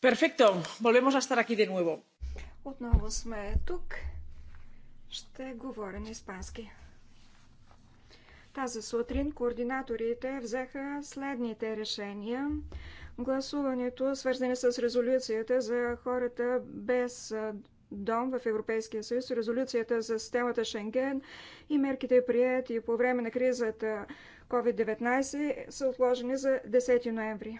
Perfecto, Volvemos a estar aquí de nuevo. Отново сме тук. Ще говоря на испански. Тази сутрин координаторите взеха следните решения. Гласуването, свързане с резолюцията за хората без дом в Европейския съюз, резолюцията за системата Шенген и мерките прияти по време на кризата COVID-19 са отложени за 10 ноември.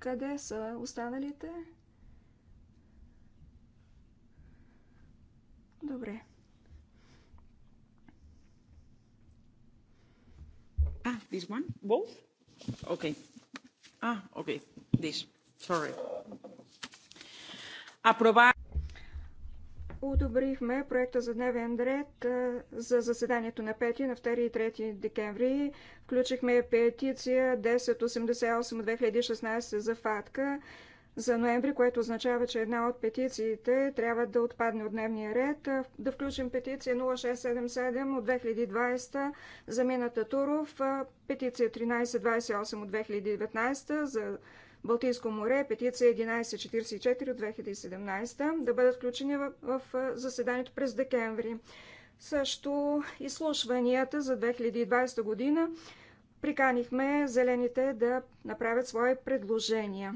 Къде са останалите? Добре. А, this one? Both? Okay. Ah, okay. This. Sorry. Aprobar. Одобрихме проекта за дневен ред за заседанието на 5, на 2 и 3 декември. Включихме петиция 1088 от 2016 за ФАТКА за ноември, което означава, че една от петициите трябва да отпадне от дневния ред. Да включим петиция 0677 от 2020 за Мината Туров, петиция 1328 от 2019 за Балтийско море, петиция 1144 от 2017, да бъдат включени в, в заседанието през декември. Също изслушванията за 2020 година приканихме зелените да направят свои предложения.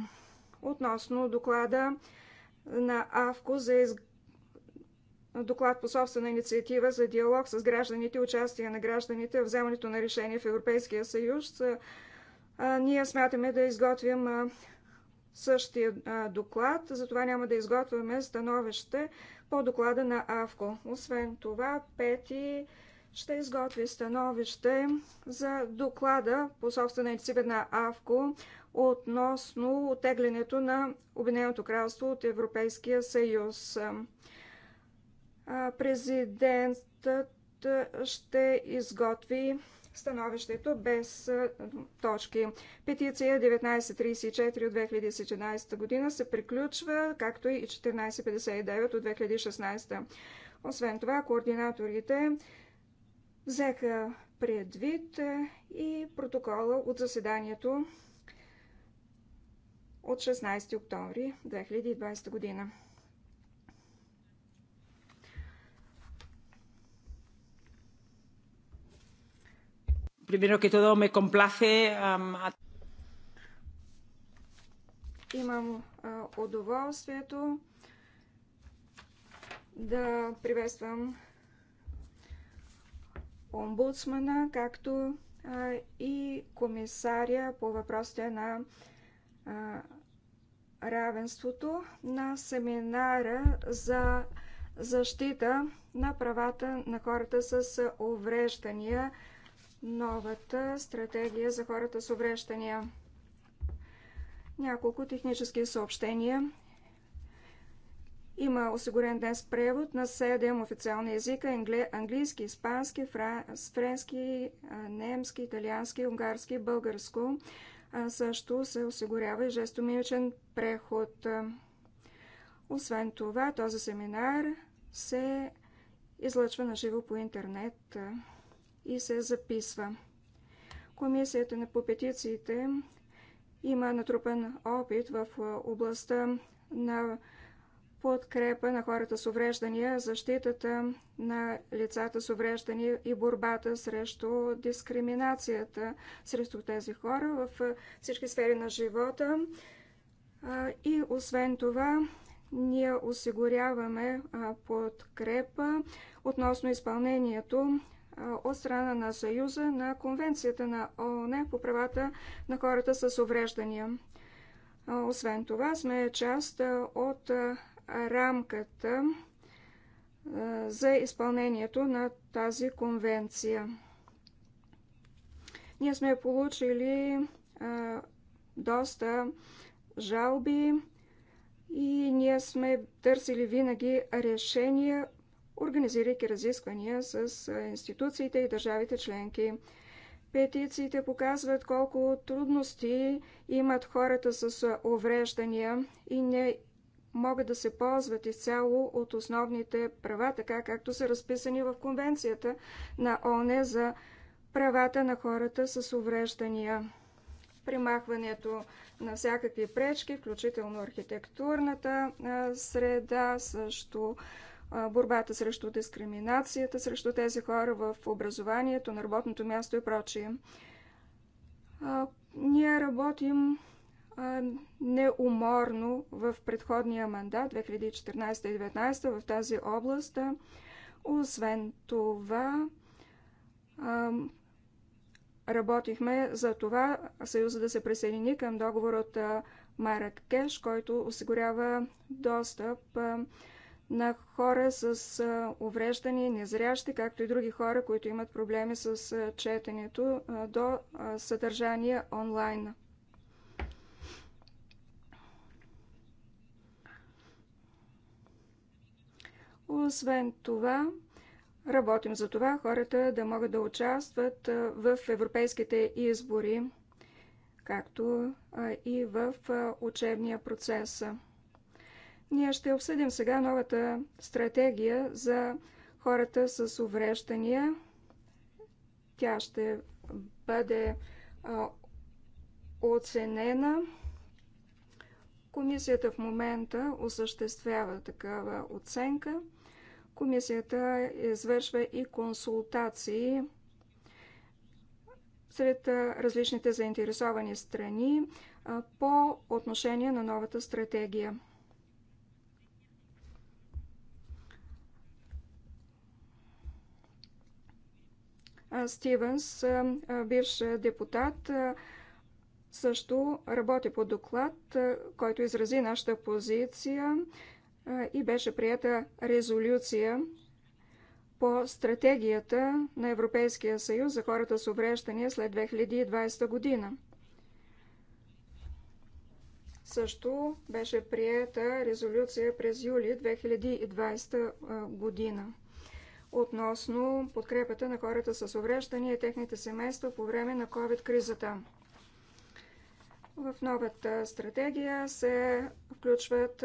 Относно доклада на АВКО за из... доклад по собствена инициатива за диалог с гражданите и участие на гражданите в вземането на решения в Европейския съюз, ние смятаме да изготвим същия доклад, затова няма да изготвяме становище по доклада на АВКО. Освен това, Пети ще изготви становище за доклада по собствена инициатива на АВКО относно отеглянето на Обединеното кралство от Европейския съюз. Президентът ще изготви становището без точки. Петиция 1934 от 2017 година се приключва, както и 1459 от 2016. Освен това, координаторите взеха предвид и протокола от заседанието от 16 октомври 2020 година. Primero que todo me complace um, Имам а, удоволствието да приветствам омбудсмана, както а, и комисаря по въпросите на а, равенството на семинара за защита на правата на хората с увреждания – новата стратегия за хората с увреждания. Няколко технически съобщения. Има осигурен днес превод на 7 официални езика английски, испански, френски, немски, италиански, унгарски, българско. също се осигурява и жестомимичен преход. Освен това, този семинар се излъчва на живо по интернет и се записва. Комисията на попетициите има натрупан опит в областта на подкрепа на хората с увреждания, защитата на лицата с увреждания и борбата срещу дискриминацията срещу тези хора в всички сфери на живота. И освен това, ние осигуряваме подкрепа относно изпълнението от страна на Съюза на Конвенцията на ООН по правата на хората с увреждания. Освен това, сме част от рамката за изпълнението на тази конвенция. Ние сме получили доста жалби и ние сме търсили винаги решения организирайки разисквания с институциите и държавите членки. Петициите показват колко трудности имат хората с увреждания и не могат да се ползват изцяло от основните права, така както са разписани в Конвенцията на ОНЕ за правата на хората с увреждания. Примахването на всякакви пречки, включително архитектурната среда, също борбата срещу дискриминацията, срещу тези хора в образованието, на работното място и прочие. Ние работим неуморно в предходния мандат 2014-2019 в тази област. Освен това, работихме за това Съюза да се присъедини към договор от Кеш, който осигурява достъп на хора с увреждания, незрящи, както и други хора, които имат проблеми с четенето до съдържание онлайн. Освен това, работим за това хората да могат да участват в европейските избори, както и в учебния процес. Ние ще обсъдим сега новата стратегия за хората с увреждания. Тя ще бъде оценена. Комисията в момента осъществява такава оценка. Комисията извършва и консултации сред различните заинтересовани страни по отношение на новата стратегия. Стивенс, бивш депутат, също работи по доклад, който изрази нашата позиция и беше прията резолюция по стратегията на Европейския съюз за хората с увреждания след 2020 година. Също беше приета резолюция през юли 2020 година относно подкрепата на хората с увреждания и техните семейства по време на COVID-кризата. В новата стратегия се включват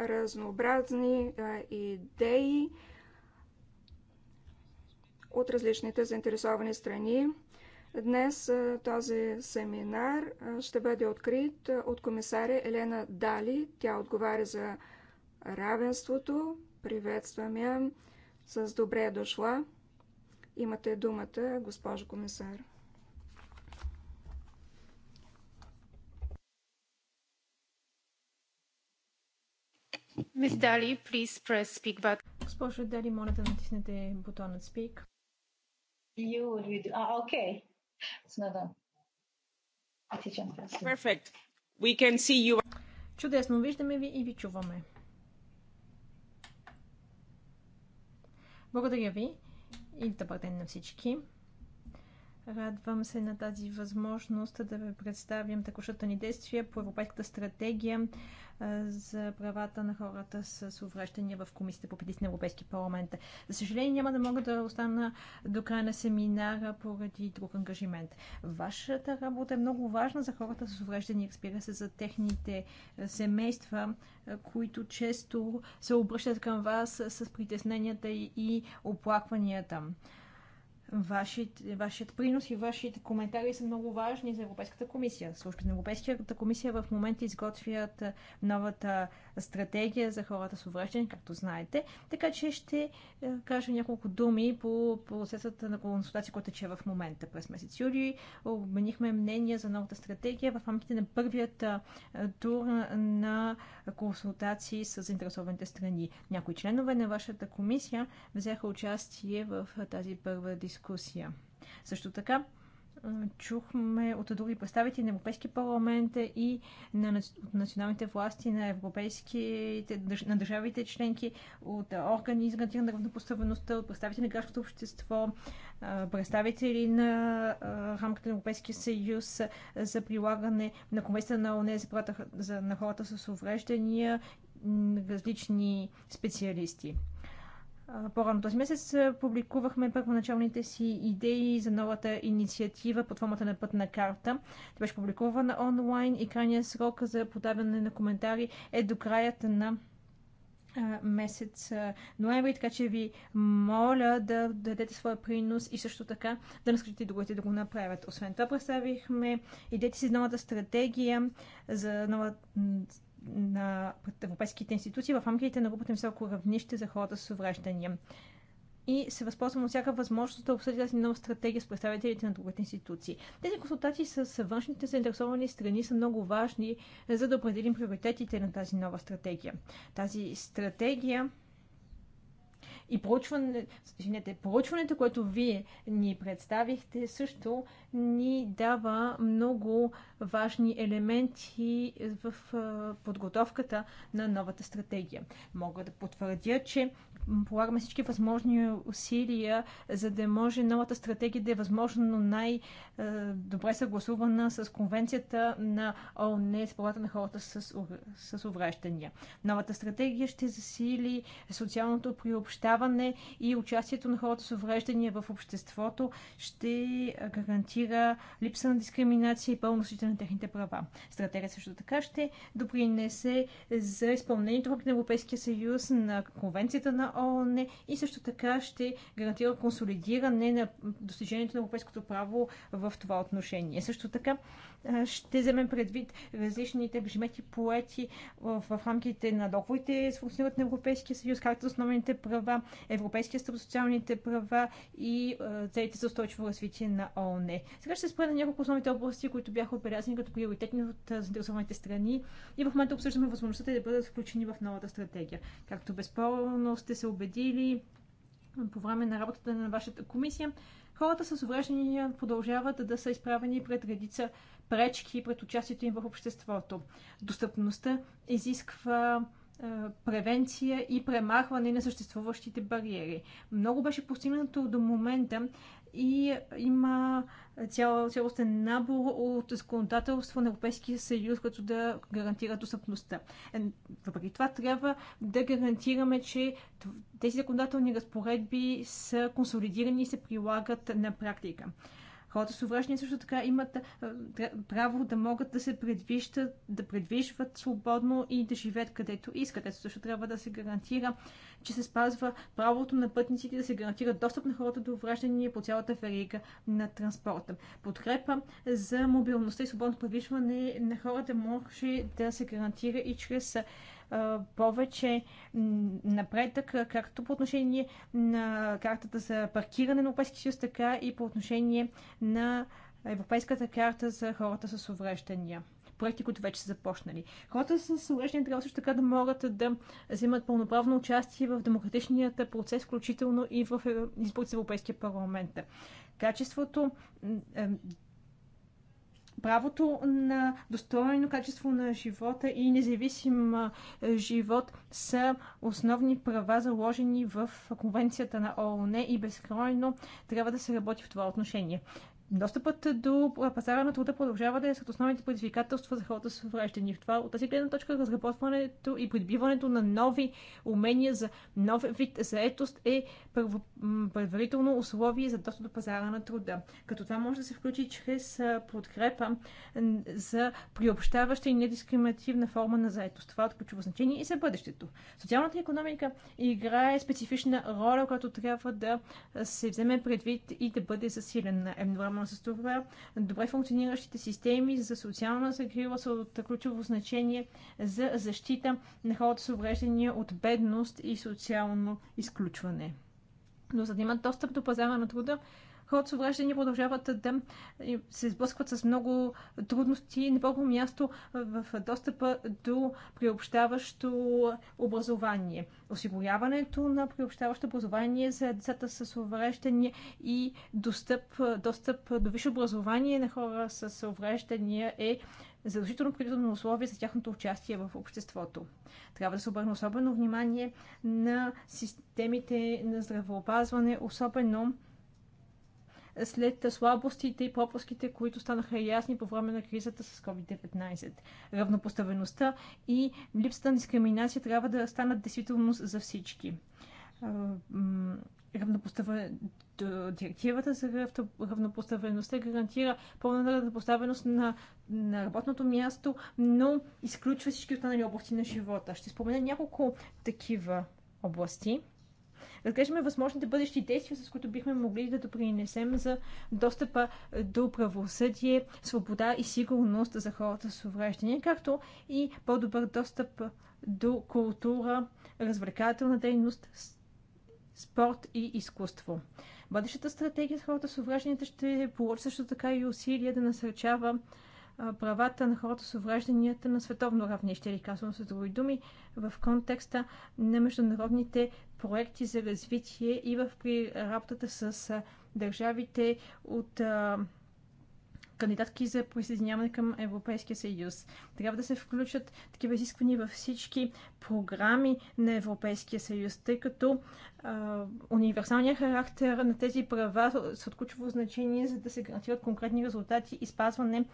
разнообразни идеи от различните заинтересовани страни. Днес този семинар ще бъде открит от комисаря Елена Дали. Тя отговаря за равенството. Приветстваме я с добре е дошла. Имате думата, госпожо комисар. Мис Дали, please press speak button. Госпожо Дали, моля да натиснете бутонът speak. You would you do? Ah, okay. It's not on. Perfect. We can see you. Чудесно, виждаме ви и ви чуваме. Благодаря ви и добър ден на всички. Радвам се на тази възможност да ви представям такошата ни действия по Европейската стратегия за правата на хората с увреждания в Комисията по петиции на Европейски парламент. За съжаление няма да мога да остана до края на семинара поради друг ангажимент. Вашата работа е много важна за хората с увръщания, разбира се, за техните семейства, които често се обръщат към вас с притесненията и оплакванията. Вашите, вашият принос и вашите коментари са много важни за Европейската комисия. Службите на Европейската комисия в момента изготвят новата стратегия за хората с увреждане, както знаете. Така че ще кажа няколко думи по процесата на консултация, че тече в момента. През месец юли обменихме мнение за новата стратегия в рамките на първият тур на консултации с заинтересованите страни. Някои членове на вашата комисия взеха участие в тази първа дискусия дискусия. Също така, чухме от други представители на Европейския парламент и на националните власти, на европейските, на държавите членки, от органи за гарантиране на равнопоставеността, от представители на гражданското общество, представители на рамката на Европейския съюз за прилагане на комисията на ОНЕ за правата на хората с увреждания, различни специалисти. По-рано този месец публикувахме първоначалните си идеи за новата инициатива под формата на пътна карта. Тя беше публикувана онлайн и крайният срок за подаване на коментари е до краят на месец ноември, така че ви моля да дадете своя принос и също така да наскочите другите да го направят. Освен това представихме идеите си новата стратегия за новата на европейските институции в рамките на групата високо равнище за хората с увреждания. И се възползвам от всяка възможност да обсъдя тази нова стратегия с представителите на другите институции. Тези консултации с външните заинтересовани страни са много важни, за да определим приоритетите на тази нова стратегия. Тази стратегия и проучване, извинете, проучването, което вие ни представихте, също ни дава много важни елементи в подготовката на новата стратегия. Мога да потвърдя, че полагаме всички възможни усилия, за да може новата стратегия да е възможно най-добре съгласувана с конвенцията на ООН с правата на хората с, с увреждания. Новата стратегия ще засили социалното приобщаване сближаване и участието на хората с увреждания в обществото ще гарантира липса на дискриминация и пълно на техните права. Стратегия също така ще допринесе за изпълнението на Европейския съюз на Конвенцията на ООН и също така ще гарантира консолидиране на достижението на европейското право в това отношение. Също така ще вземем предвид различните ангажименти поети в рамките на договорите с функционирането на Европейския съюз, както основните права, Европейския стълб социалните права и целите за устойчиво развитие на ООН. Сега ще се спра на няколко основните области, които бяха отбелязани като приоритетни от заинтересованите страни и в момента обсъждаме възможността да бъдат включени в новата стратегия. Както безспорно сте се убедили по време на работата на вашата комисия, хората с увреждания продължават да са изправени пред редица пречки пред участието им в обществото. Достъпността изисква е, превенция и премахване на съществуващите бариери. Много беше постигнато до момента и има цял, цялостен набор от законодателство на Европейския съюз, като да гарантира достъпността. Е, въпреки това трябва да гарантираме, че тези законодателни разпоредби са консолидирани и се прилагат на практика. Хората с увреждания също така имат право да могат да се предвиждат, да предвижват свободно и да живеят където искат. Ето също трябва да се гарантира, че се спазва правото на пътниците да се гарантира достъп на хората до увреждания по цялата верига на транспорта. Подкрепа за мобилността и свободно предвижване на хората може да се гарантира и чрез повече напредък, както по отношение на картата за паркиране на Европейския съюз, така и по отношение на Европейската карта за хората с увреждания проекти, които вече са започнали. Хората с увреждания трябва също така да могат да вземат пълноправно участие в демократичният процес, включително и в е, изборите за Европейския парламент. Качеството, правото на достойно качество на живота и независим живот са основни права, заложени в Конвенцията на ООН и безкрайно трябва да се работи в това отношение. Достъпът до пазара на труда продължава да е сред основните предизвикателства за хората с увреждания. В това от тази гледна точка разработването и придобиването на нови умения за нов вид заетост е предварително условие за достъп до пазара на труда. Като това може да се включи чрез подкрепа за приобщаваща и недискриминативна форма на заетост. Това е от ключово значение и за бъдещето. Социалната економика играе специфична роля, която трябва да се вземе предвид и да бъде засилена. Едновременно свързано с това. Добре функциониращите системи за социална закрила са от ключово значение за защита на хората с увреждания от бедност и социално изключване. Но за да имат достъп до пазара на труда, хората с увреждания продължават да се сблъскват с много трудности. На първо място в достъпа до приобщаващо образование. Осигуряването на приобщаващо образование за децата с увреждания и достъп, достъп до висше образование на хора с увреждания е задължително предвидено условие за тяхното участие в обществото. Трябва да се обърне особено внимание на системите на здравеопазване, особено след слабостите и пропуските, които станаха ясни по време на кризата с COVID-19. Равнопоставеността и липсата на дискриминация трябва да станат действителност за всички. Директивата за равнопоставеността гарантира пълна равнопоставеност на, на работното място, но изключва всички останали области на живота. Ще спомена няколко такива области разглеждаме възможните бъдещи действия, с които бихме могли да допринесем за достъпа до правосъдие, свобода и сигурност за хората с увреждания, както и по-добър достъп до култура, развлекателна дейност, спорт и изкуство. Бъдещата стратегия с хората с уврежданията ще получи също така и усилия да насърчава правата на хората с уврежданията на световно равнище, или казвам с други думи, в контекста на международните проекти за развитие и в работата с държавите от кандидатки за присъединяване към Европейския съюз. Трябва да се включат такива изисквания във всички програми на Европейския съюз, тъй като а, универсалният характер на тези права с от значение, за да се гарантират конкретни резултати и спазване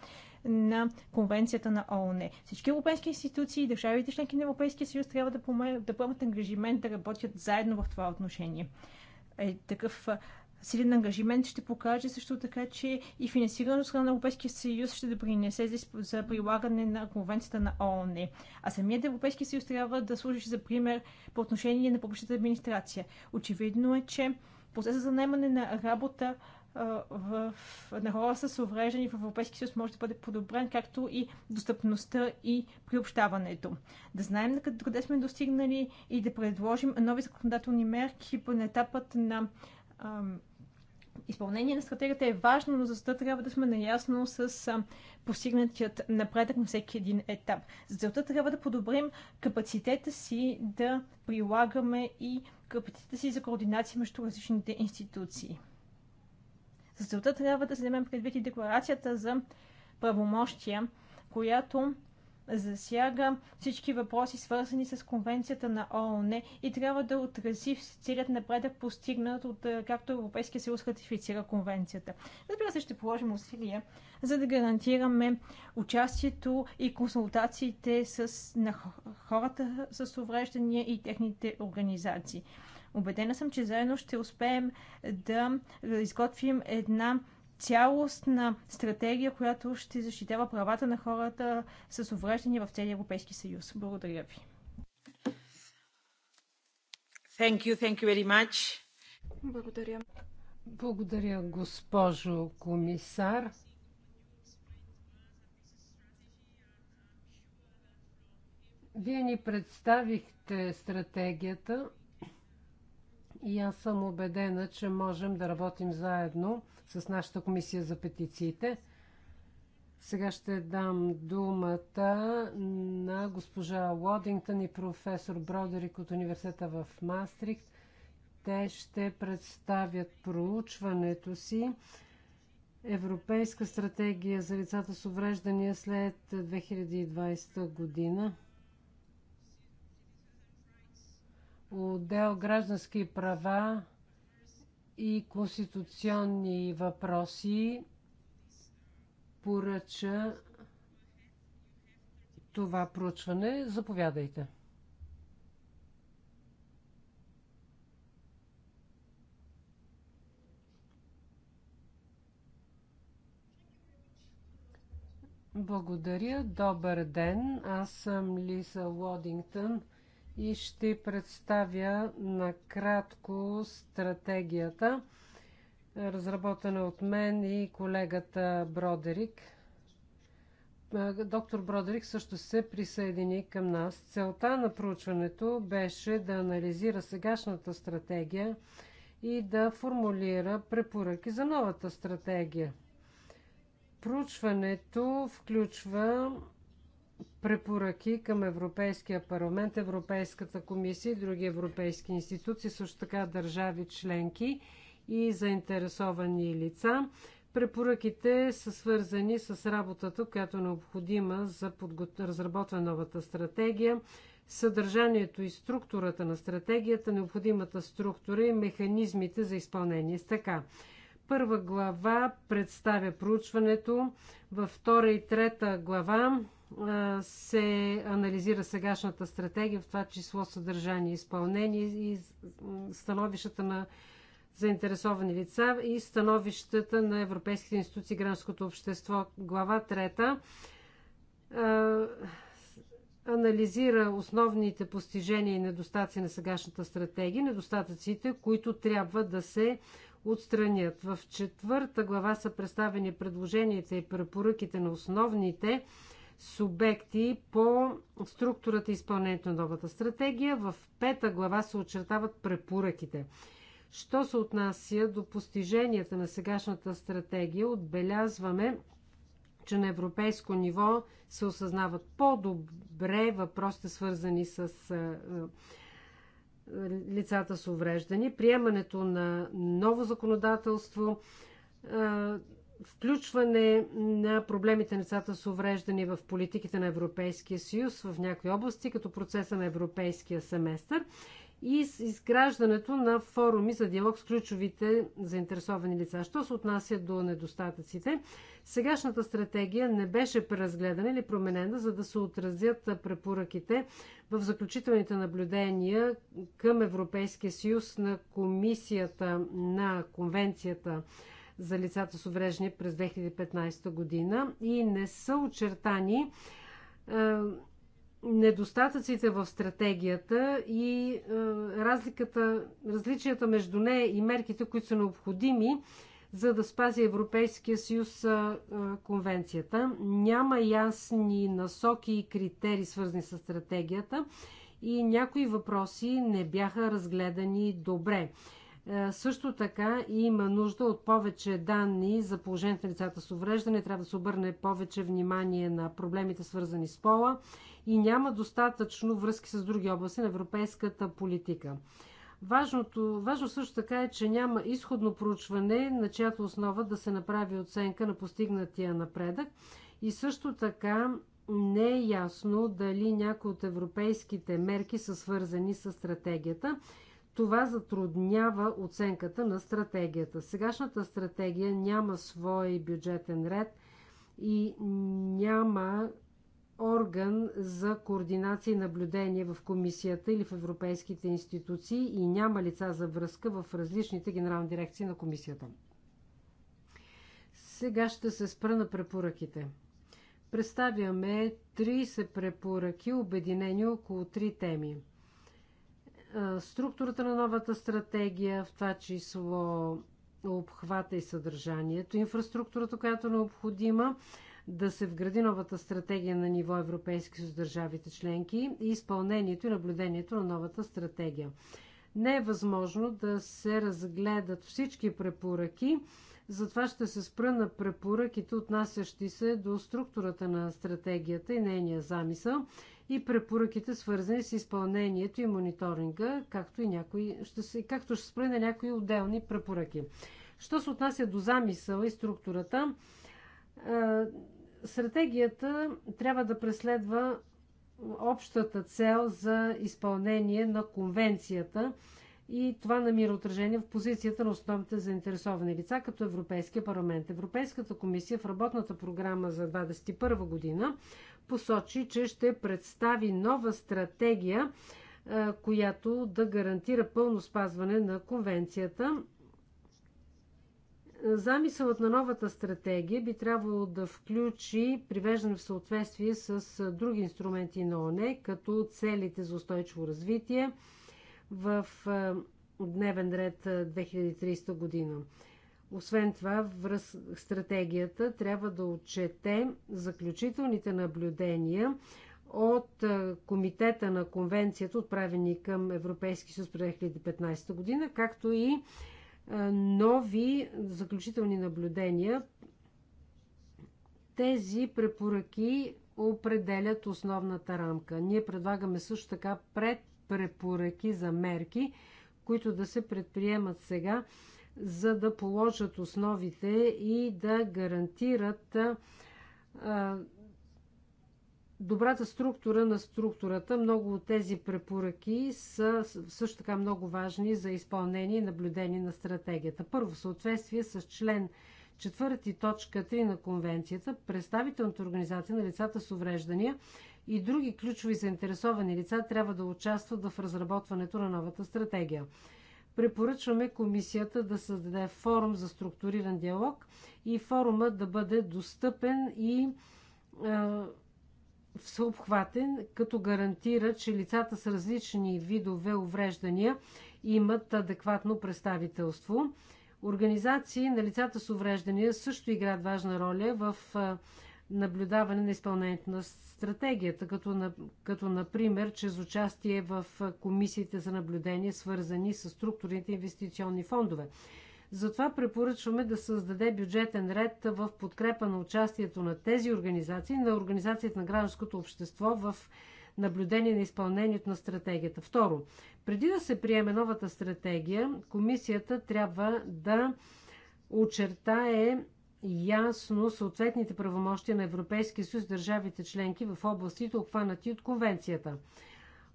на Конвенцията на ООН. Всички европейски институции и държавите членки на Европейския съюз трябва да, да поемат ангажимент да работят заедно в това отношение. Е, такъв силен ангажимент ще покаже също така, че и финансирането страна на Европейския съюз ще допринесе да за прилагане на конвенцията на ООН. А самият Европейски съюз трябва да служи за пример по отношение на публичната администрация. Очевидно е, че процесът за наймане на работа в, на хора с увреждани в Европейския съюз може да бъде подобрен, както и достъпността и приобщаването. Да знаем къде сме достигнали и да предложим нови законодателни мерки по етапът на ам, изпълнение на стратегията е важно, но за това трябва да сме наясно с постигнатият напредък на всеки един етап. За целта трябва да подобрим капацитета си да прилагаме и капацитета си за координация между различните институции. За целта трябва да вземем предвид и декларацията за правомощия, която засяга всички въпроси, свързани с конвенцията на ООН и трябва да отрази целият напредък постигнат от както Европейския съюз ратифицира конвенцията. Разбира се, ще положим усилия, за да гарантираме участието и консултациите с, на хората с увреждания и техните организации. Обедена съм, че заедно ще успеем да изготвим една цялостна стратегия, която ще защитава правата на хората с увреждания в целия Европейски съюз. Благодаря ви. Thank you, thank you very much. Благодаря. Благодаря, госпожо комисар. Вие ни представихте стратегията и аз съм убедена, че можем да работим заедно с нашата комисия за петициите. Сега ще дам думата на госпожа Лодингтън и професор Бродерик от университета в Мастрихт. Те ще представят проучването си Европейска стратегия за лицата с увреждания след 2020 година. Отдел граждански права и конституционни въпроси поръча това проучване. Заповядайте. Благодаря. Добър ден. Аз съм Лиса Лодингтън и ще представя накратко стратегията, разработена от мен и колегата Бродерик. Доктор Бродерик също се присъедини към нас. Целта на проучването беше да анализира сегашната стратегия и да формулира препоръки за новата стратегия. Проучването включва препоръки към Европейския парламент, Европейската комисия и други европейски институции, също така държави членки и заинтересовани лица. Препоръките са свързани с работата, която е необходима за подго... разработване новата стратегия, съдържанието и структурата на стратегията, необходимата структура и механизмите за изпълнение. С така. Първа глава представя проучването, във втора и трета глава се анализира сегашната стратегия, в това число съдържание, изпълнение и становищата на заинтересовани лица и становищата на европейските институции, гражданското общество. Глава 3 анализира основните постижения и недостатъци на сегашната стратегия, недостатъците, които трябва да се отстранят. В четвърта глава са представени предложенията и препоръките на основните субекти по структурата и изпълнението на новата стратегия. В пета глава се очертават препоръките. Що се отнася до постиженията на сегашната стратегия, отбелязваме, че на европейско ниво се осъзнават по-добре въпросите, свързани с лицата с увреждани. Приемането на ново законодателство включване на проблемите на децата с увреждане в политиките на Европейския съюз в някои области, като процеса на Европейския семестър и с изграждането на форуми за диалог с ключовите заинтересовани лица. Що се отнася до недостатъците, сегашната стратегия не беше преразгледана или променена, за да се отразят препоръките в заключителните наблюдения към Европейския съюз на комисията на конвенцията за лицата с увреждане през 2015 година и не са очертани е, недостатъците в стратегията и е, разликата, различията между нея и мерките, които са необходими, за да спази Европейския съюз е, конвенцията. Няма ясни насоки и критерии, свързани с стратегията и някои въпроси не бяха разгледани добре. Е, също така има нужда от повече данни за положението на лицата с увреждане. Трябва да се обърне повече внимание на проблемите, свързани с пола и няма достатъчно връзки с други области на европейската политика. Важното, важно също така е, че няма изходно проучване, на чиято основа да се направи оценка на постигнатия напредък. И също така не е ясно дали някои от европейските мерки са свързани с стратегията. Това затруднява оценката на стратегията. Сегашната стратегия няма свой бюджетен ред и няма орган за координация и наблюдение в комисията или в европейските институции и няма лица за връзка в различните генерални дирекции на комисията. Сега ще се спра на препоръките. Представяме 30 препоръки, обединени около 3 теми – структурата на новата стратегия, в това число обхвата и съдържанието, инфраструктурата, която е необходима, да се вгради новата стратегия на ниво Европейски съюз държавите членки и изпълнението и наблюдението на новата стратегия. Не е възможно да се разгледат всички препоръки, затова ще се спра на препоръките, отнасящи се до структурата на стратегията и нейния замисъл – и препоръките, свързани с изпълнението и мониторинга, както, и някои, ще се, както ще спре на някои отделни препоръки. Що се отнася до замисъла и структурата, стратегията трябва да преследва общата цел за изпълнение на конвенцията и това намира отражение в позицията на основните заинтересовани лица, като Европейския парламент. Европейската комисия в работната програма за 2021 година посочи, че ще представи нова стратегия, която да гарантира пълно спазване на конвенцията. Замисълът на новата стратегия би трябвало да включи привеждане в съответствие с други инструменти на ОНЕ, като целите за устойчиво развитие в дневен ред 2030 година. Освен това, връз... стратегията трябва да отчете заключителните наблюдения от е, Комитета на Конвенцията, отправени към Европейски съюз през 2015 година, както и е, нови заключителни наблюдения. Тези препоръки определят основната рамка. Ние предлагаме също така предпрепоръки за мерки, които да се предприемат сега за да положат основите и да гарантират добрата структура на структурата. Много от тези препоръки са също така много важни за изпълнение и наблюдение на стратегията. Първо, в съответствие с член 4 точка 3 на конвенцията, представителната организация на лицата с увреждания и други ключови заинтересовани лица трябва да участват в разработването на новата стратегия. Препоръчваме комисията да създаде форум за структуриран диалог и форума да бъде достъпен и е, всеобхватен, като гарантира, че лицата с различни видове увреждания имат адекватно представителство. Организации на лицата с увреждания също играят важна роля в е, наблюдаване на изпълнението на стратегията, като, на, като например чрез участие в комисиите за наблюдение, свързани с структурните инвестиционни фондове. Затова препоръчваме да създаде бюджетен ред в подкрепа на участието на тези организации, на организацията на гражданското общество в наблюдение на изпълнението на стратегията. Второ, преди да се приеме новата стратегия, комисията трябва да очертае ясно съответните правомощия на Европейския съюз държавите членки в областите, обхванати от конвенцията.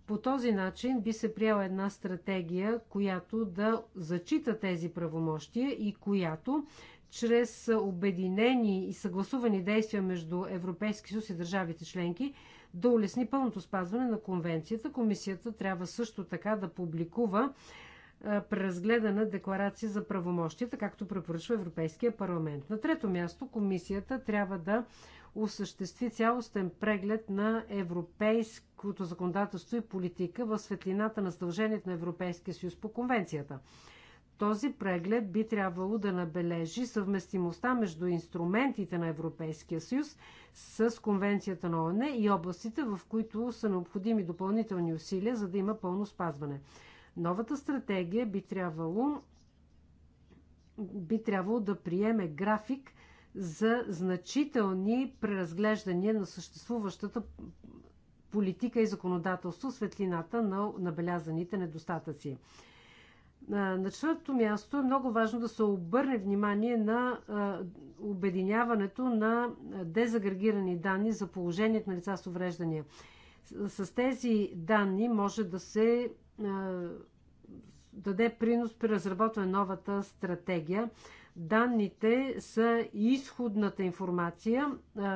По този начин би се приела една стратегия, която да зачита тези правомощия и която чрез обединени и съгласувани действия между Европейски съюз и държавите членки да улесни пълното спазване на конвенцията. Комисията трябва също така да публикува преразгледана декларация за правомощията, както препоръчва Европейския парламент. На трето място, комисията трябва да осъществи цялостен преглед на европейското законодателство и политика в светлината на задължението на Европейския съюз по конвенцията. Този преглед би трябвало да набележи съвместимостта между инструментите на Европейския съюз с Конвенцията на ОНЕ и областите, в които са необходими допълнителни усилия, за да има пълно спазване. Новата стратегия би трябвало, би трябвало да приеме график за значителни преразглеждания на съществуващата политика и законодателство светлината на набелязаните недостатъци. На четвърто място е много важно да се обърне внимание на обединяването на дезагрегирани данни за положението на лица с увреждания. С тези данни може да се даде принос при разработване на новата стратегия. Данните са изходната информация,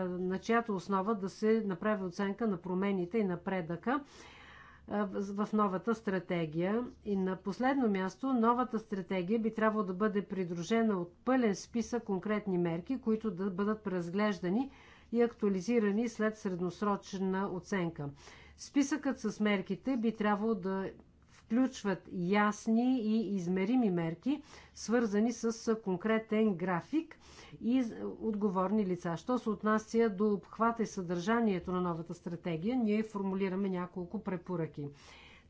на чиято основа да се направи оценка на промените и напредъка в новата стратегия. И на последно място, новата стратегия би трябвало да бъде придружена от пълен списък конкретни мерки, които да бъдат преразглеждани и актуализирани след средносрочна оценка. Списъкът с мерките би трябвало да включват ясни и измерими мерки, свързани с конкретен график и отговорни лица. Що се отнася до обхвата и съдържанието на новата стратегия, ние формулираме няколко препоръки.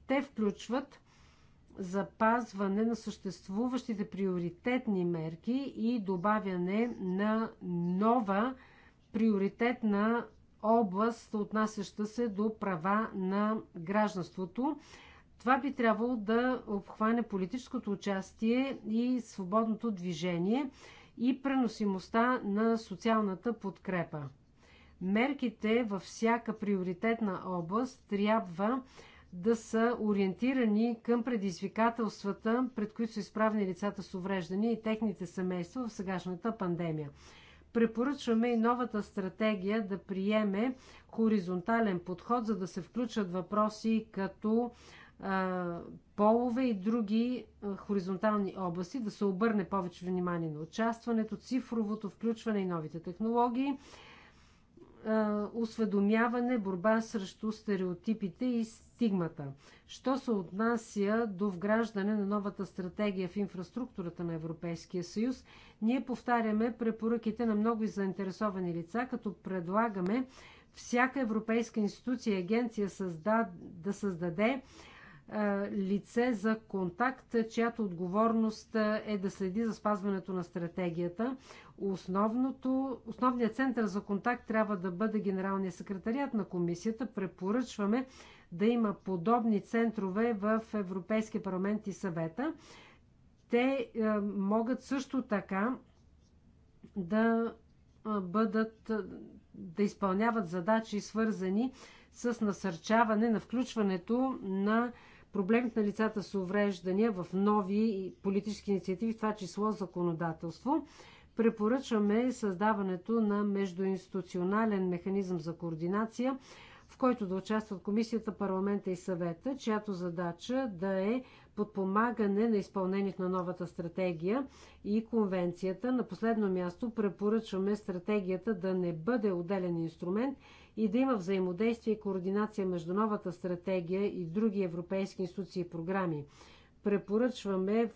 Те включват запазване на съществуващите приоритетни мерки и добавяне на нова приоритетна област, отнасяща се до права на гражданството това би трябвало да обхване политическото участие и свободното движение и преносимостта на социалната подкрепа. Мерките във всяка приоритетна област трябва да са ориентирани към предизвикателствата, пред които са изправени лицата с увреждания и техните семейства в сегашната пандемия. Препоръчваме и новата стратегия да приеме хоризонтален подход, за да се включат въпроси като полове и други хоризонтални области, да се обърне повече внимание на участването, цифровото включване и новите технологии, осведомяване, борба срещу стереотипите и стигмата. Що се отнася до вграждане на новата стратегия в инфраструктурата на Европейския съюз, ние повтаряме препоръките на много заинтересовани лица, като предлагаме всяка европейска институция и агенция да създаде е, лице за контакт, чиято отговорност е да следи за спазването на стратегията. Основното, основният център за контакт трябва да бъде Генералния секретариат на комисията. Препоръчваме да има подобни центрове в Европейския парламент и съвета. Те е, могат също така да е, бъдат, да изпълняват задачи, свързани с насърчаване на включването на проблемите на лицата с увреждания в нови политически инициативи, в това число законодателство. Препоръчваме създаването на междуинституционален механизъм за координация, в който да участват Комисията, парламента и съвета, чиято задача да е подпомагане на изпълнението на новата стратегия и конвенцията. На последно място препоръчваме стратегията да не бъде отделен инструмент – и да има взаимодействие и координация между новата стратегия и други европейски институции и програми. Препоръчваме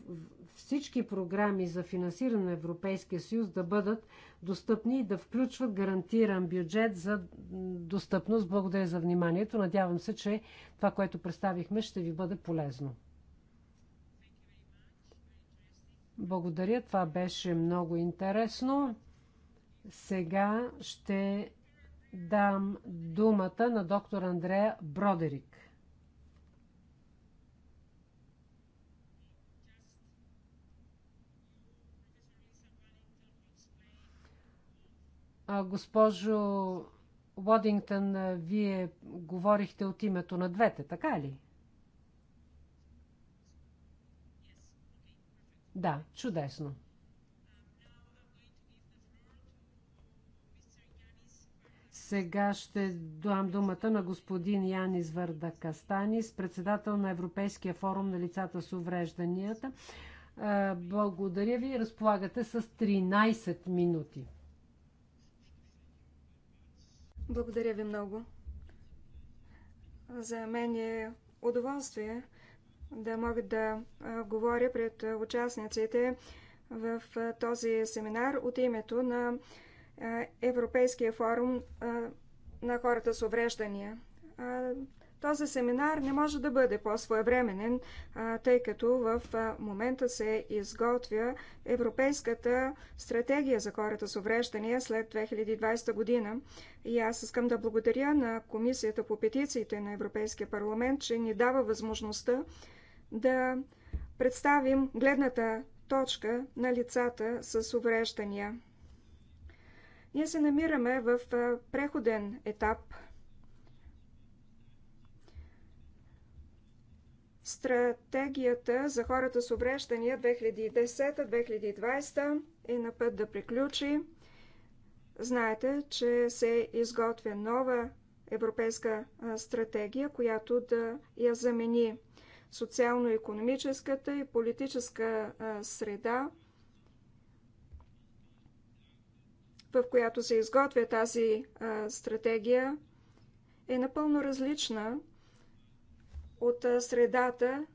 всички програми за финансиране на Европейския съюз да бъдат достъпни и да включват гарантиран бюджет за достъпност. Благодаря за вниманието. Надявам се, че това, което представихме, ще ви бъде полезно. Благодаря, това беше много интересно. Сега ще дам думата на доктор Андрея Бродерик. Госпожо Уодингтън, вие говорихте от името на двете, така ли? Да, чудесно. Сега ще дам думата на господин Янис Върда Кастанис, председател на Европейския форум на лицата с уврежданията. Благодаря ви. Разполагате с 13 минути. Благодаря ви много. За мен е удоволствие да мога да говоря пред участниците в този семинар от името на Европейския форум на хората с увреждания. Този семинар не може да бъде по-своевременен, тъй като в момента се изготвя Европейската стратегия за хората с увреждания след 2020 година. И аз искам да благодаря на Комисията по петициите на Европейския парламент, че ни дава възможността да представим гледната точка на лицата с увреждания. Ние се намираме в преходен етап. Стратегията за хората с увреждания 2010-2020 е на път да приключи. Знаете, че се изготвя нова европейска стратегия, която да я замени социално-економическата и политическа среда – в която се изготвя тази а, стратегия, е напълно различна от а, средата,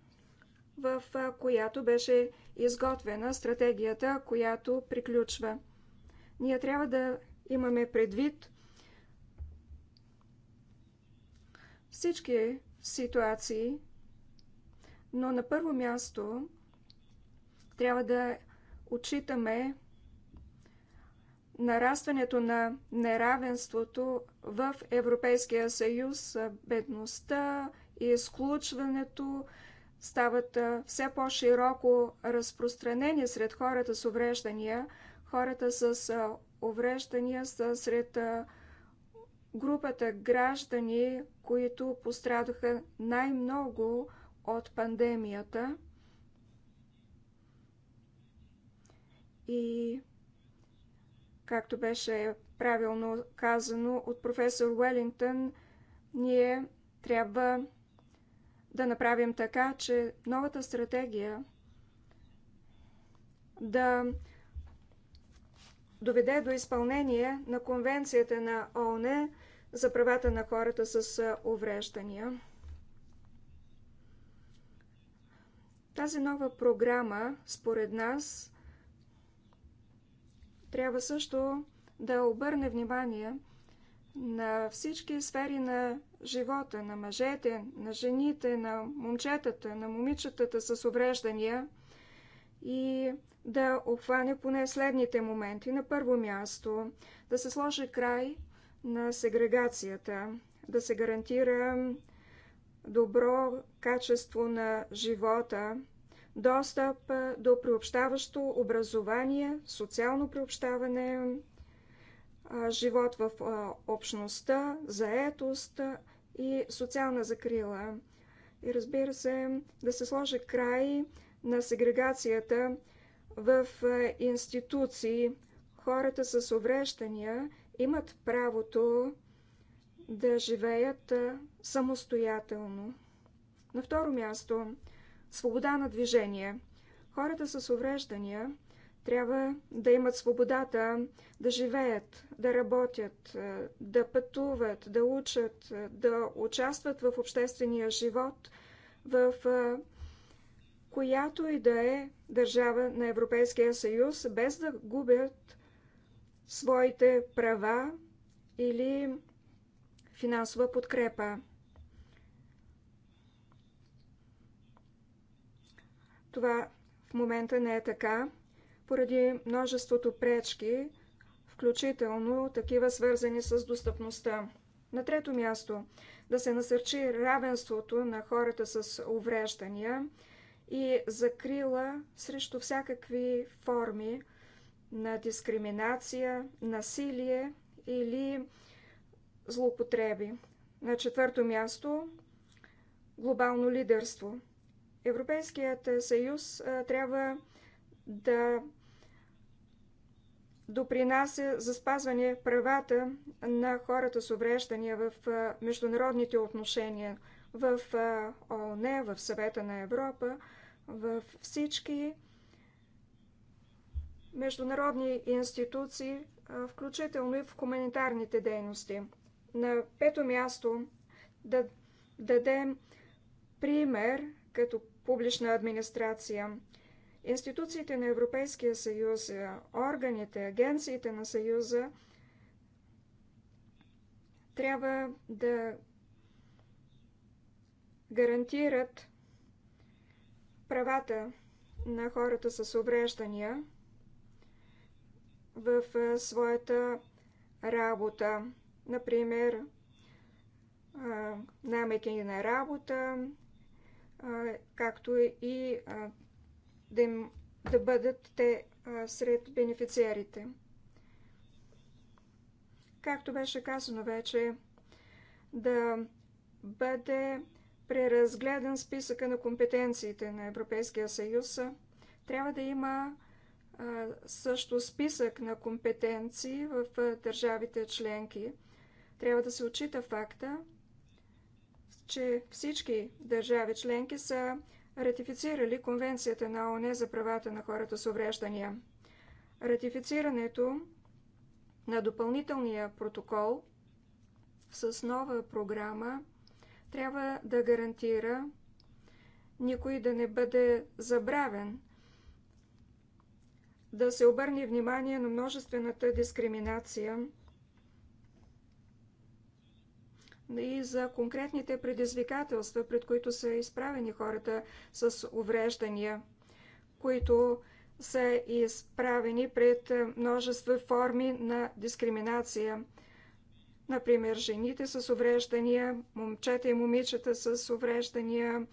в а, която беше изготвена стратегията, която приключва. Ние трябва да имаме предвид всички ситуации, но на първо място трябва да отчитаме нарастването на неравенството в Европейския съюз, бедността и изключването стават все по-широко разпространени сред хората с увреждания. Хората с увреждания са сред групата граждани, които пострадаха най-много от пандемията. И Както беше правилно казано от професор Уелингтън, ние трябва да направим така, че новата стратегия да доведе до изпълнение на Конвенцията на ООН за правата на хората с увреждания. Тази нова програма, според нас, трябва също да обърне внимание на всички сфери на живота, на мъжете, на жените, на момчетата, на момичетата с увреждания и да обхване поне следните моменти. На първо място да се сложи край на сегрегацията, да се гарантира добро качество на живота достъп до приобщаващо образование, социално приобщаване, живот в общността, заетост и социална закрила. И разбира се, да се сложи край на сегрегацията в институции. Хората с увреждания имат правото да живеят самостоятелно. На второ място, свобода на движение. Хората с увреждания трябва да имат свободата да живеят, да работят, е, да пътуват, да учат, е, да участват в обществения живот, в е, която и да е държава на Европейския съюз, без да губят своите права или финансова подкрепа. Това в момента не е така, поради множеството пречки, включително такива свързани с достъпността. На трето място, да се насърчи равенството на хората с увреждания и закрила срещу всякакви форми на дискриминация, насилие или злоупотреби. На четвърто място, глобално лидерство – Европейският съюз трябва да допринася за спазване правата на хората с увреждания в международните отношения, в ООН, в Съвета на Европа, в всички международни институции, включително и в хуманитарните дейности. На пето място да дадем пример като публична администрация. Институциите на Европейския съюз, е, органите, агенциите на съюза трябва да гарантират правата на хората с увреждания в е, своята работа. Например, е, намеки на работа, както и да, им, да бъдат те сред бенефициерите. Както беше казано вече, да бъде преразгледан списъка на компетенциите на Европейския съюз, трябва да има също списък на компетенции в държавите членки. Трябва да се отчита факта, че всички държави членки са ратифицирали Конвенцията на ООН за правата на хората с увреждания. Ратифицирането на допълнителния протокол с нова програма трябва да гарантира никой да не бъде забравен, да се обърне внимание на множествената дискриминация – и за конкретните предизвикателства, пред които са изправени хората с увреждания, които са изправени пред множество форми на дискриминация. Например, жените с увреждания, момчета и момичета с увреждания,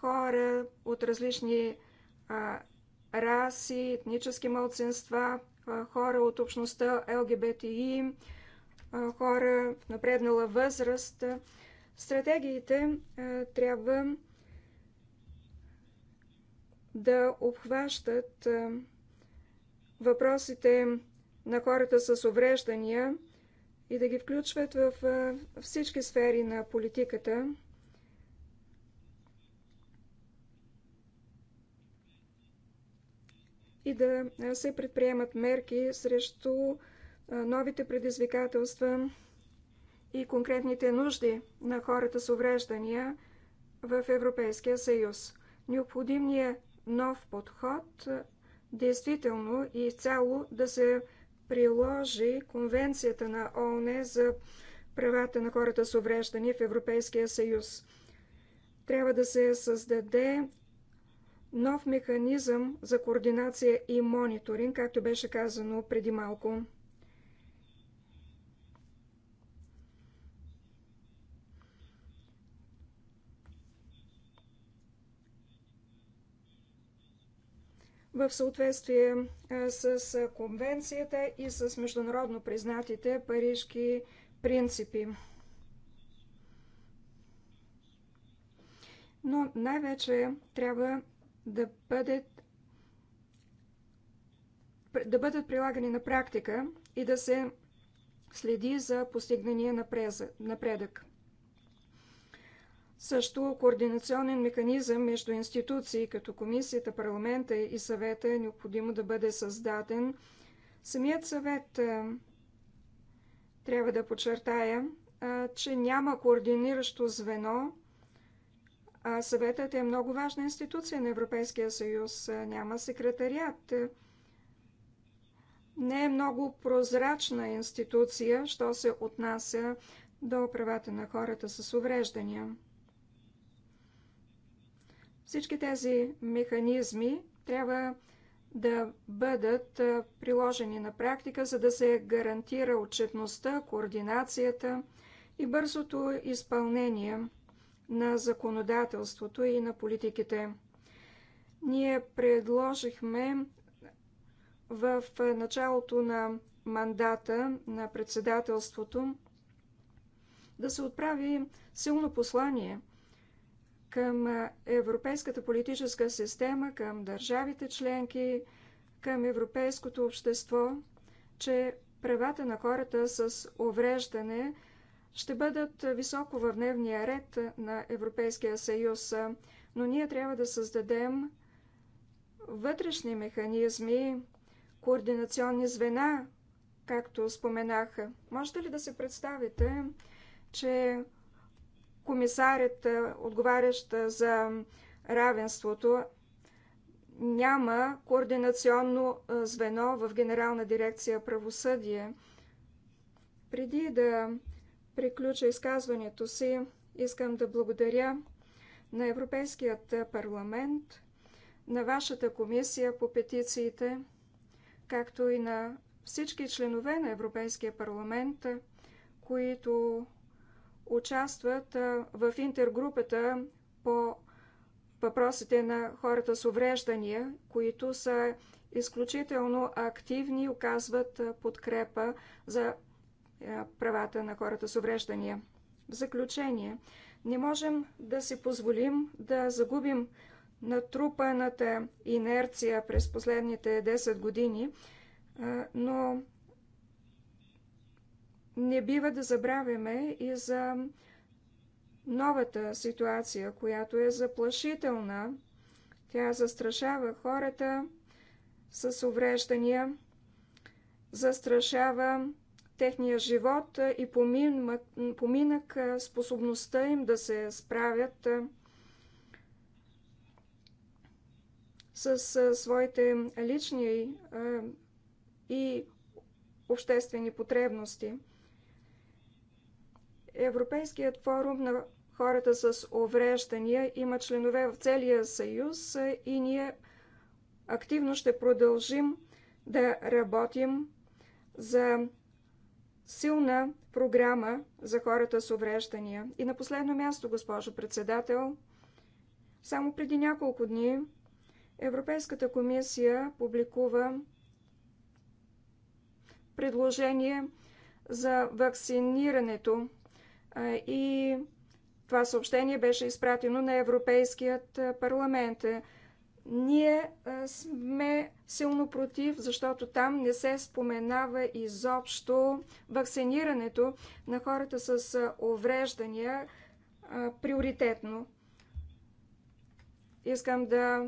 хора от различни а, раси, етнически малцинства, а, хора от общността ЛГБТИ, хора в напреднала възраст. Стратегиите трябва да обхващат въпросите на хората с увреждания и да ги включват в всички сфери на политиката. И да се предприемат мерки срещу новите предизвикателства и конкретните нужди на хората с увреждания в Европейския съюз. Необходимният е нов подход действително и цяло да се приложи Конвенцията на ООН за правата на хората с увреждания в Европейския съюз. Трябва да се създаде нов механизъм за координация и мониторинг, както беше казано преди малко. в съответствие с конвенцията и с международно признатите парижки принципи. Но най-вече трябва да бъдат, да бъдат прилагани на практика и да се следи за постигнания напредък. Също координационен механизъм между институции, като комисията, парламента и съвета е необходимо да бъде създаден. Самият съвет е, трябва да подчертая, е, че няма координиращо звено. А съветът е много важна институция на Европейския съюз. Е, няма секретариат. Не е много прозрачна институция, що се отнася до правата на хората с увреждания. Всички тези механизми трябва да бъдат приложени на практика, за да се гарантира отчетността, координацията и бързото изпълнение на законодателството и на политиките. Ние предложихме в началото на мандата на председателството да се отправи силно послание – към европейската политическа система, към държавите членки, към европейското общество, че правата на хората с увреждане ще бъдат високо в дневния ред на Европейския съюз, но ние трябва да създадем вътрешни механизми, координационни звена, както споменаха. Можете ли да се представите, че комисарят, отговарящ за равенството, няма координационно звено в Генерална дирекция правосъдие. Преди да приключа изказването си, искам да благодаря на Европейският парламент, на вашата комисия по петициите, както и на всички членове на Европейския парламент, които участват в интергрупата по въпросите на хората с увреждания, които са изключително активни и оказват подкрепа за правата на хората с увреждания. В заключение, не можем да си позволим да загубим натрупаната инерция през последните 10 години, но не бива да забравяме и за новата ситуация, която е заплашителна. Тя застрашава хората с увреждания, застрашава техния живот и поминък, способността им да се справят с своите лични и обществени потребности. Европейският форум на хората с увреждания има членове в целия съюз и ние активно ще продължим да работим за силна програма за хората с увреждания. И на последно място, госпожо председател, само преди няколко дни Европейската комисия публикува предложение за вакцинирането и това съобщение беше изпратено на Европейският парламент. Ние сме силно против, защото там не се споменава изобщо вакцинирането на хората с увреждания приоритетно. Искам да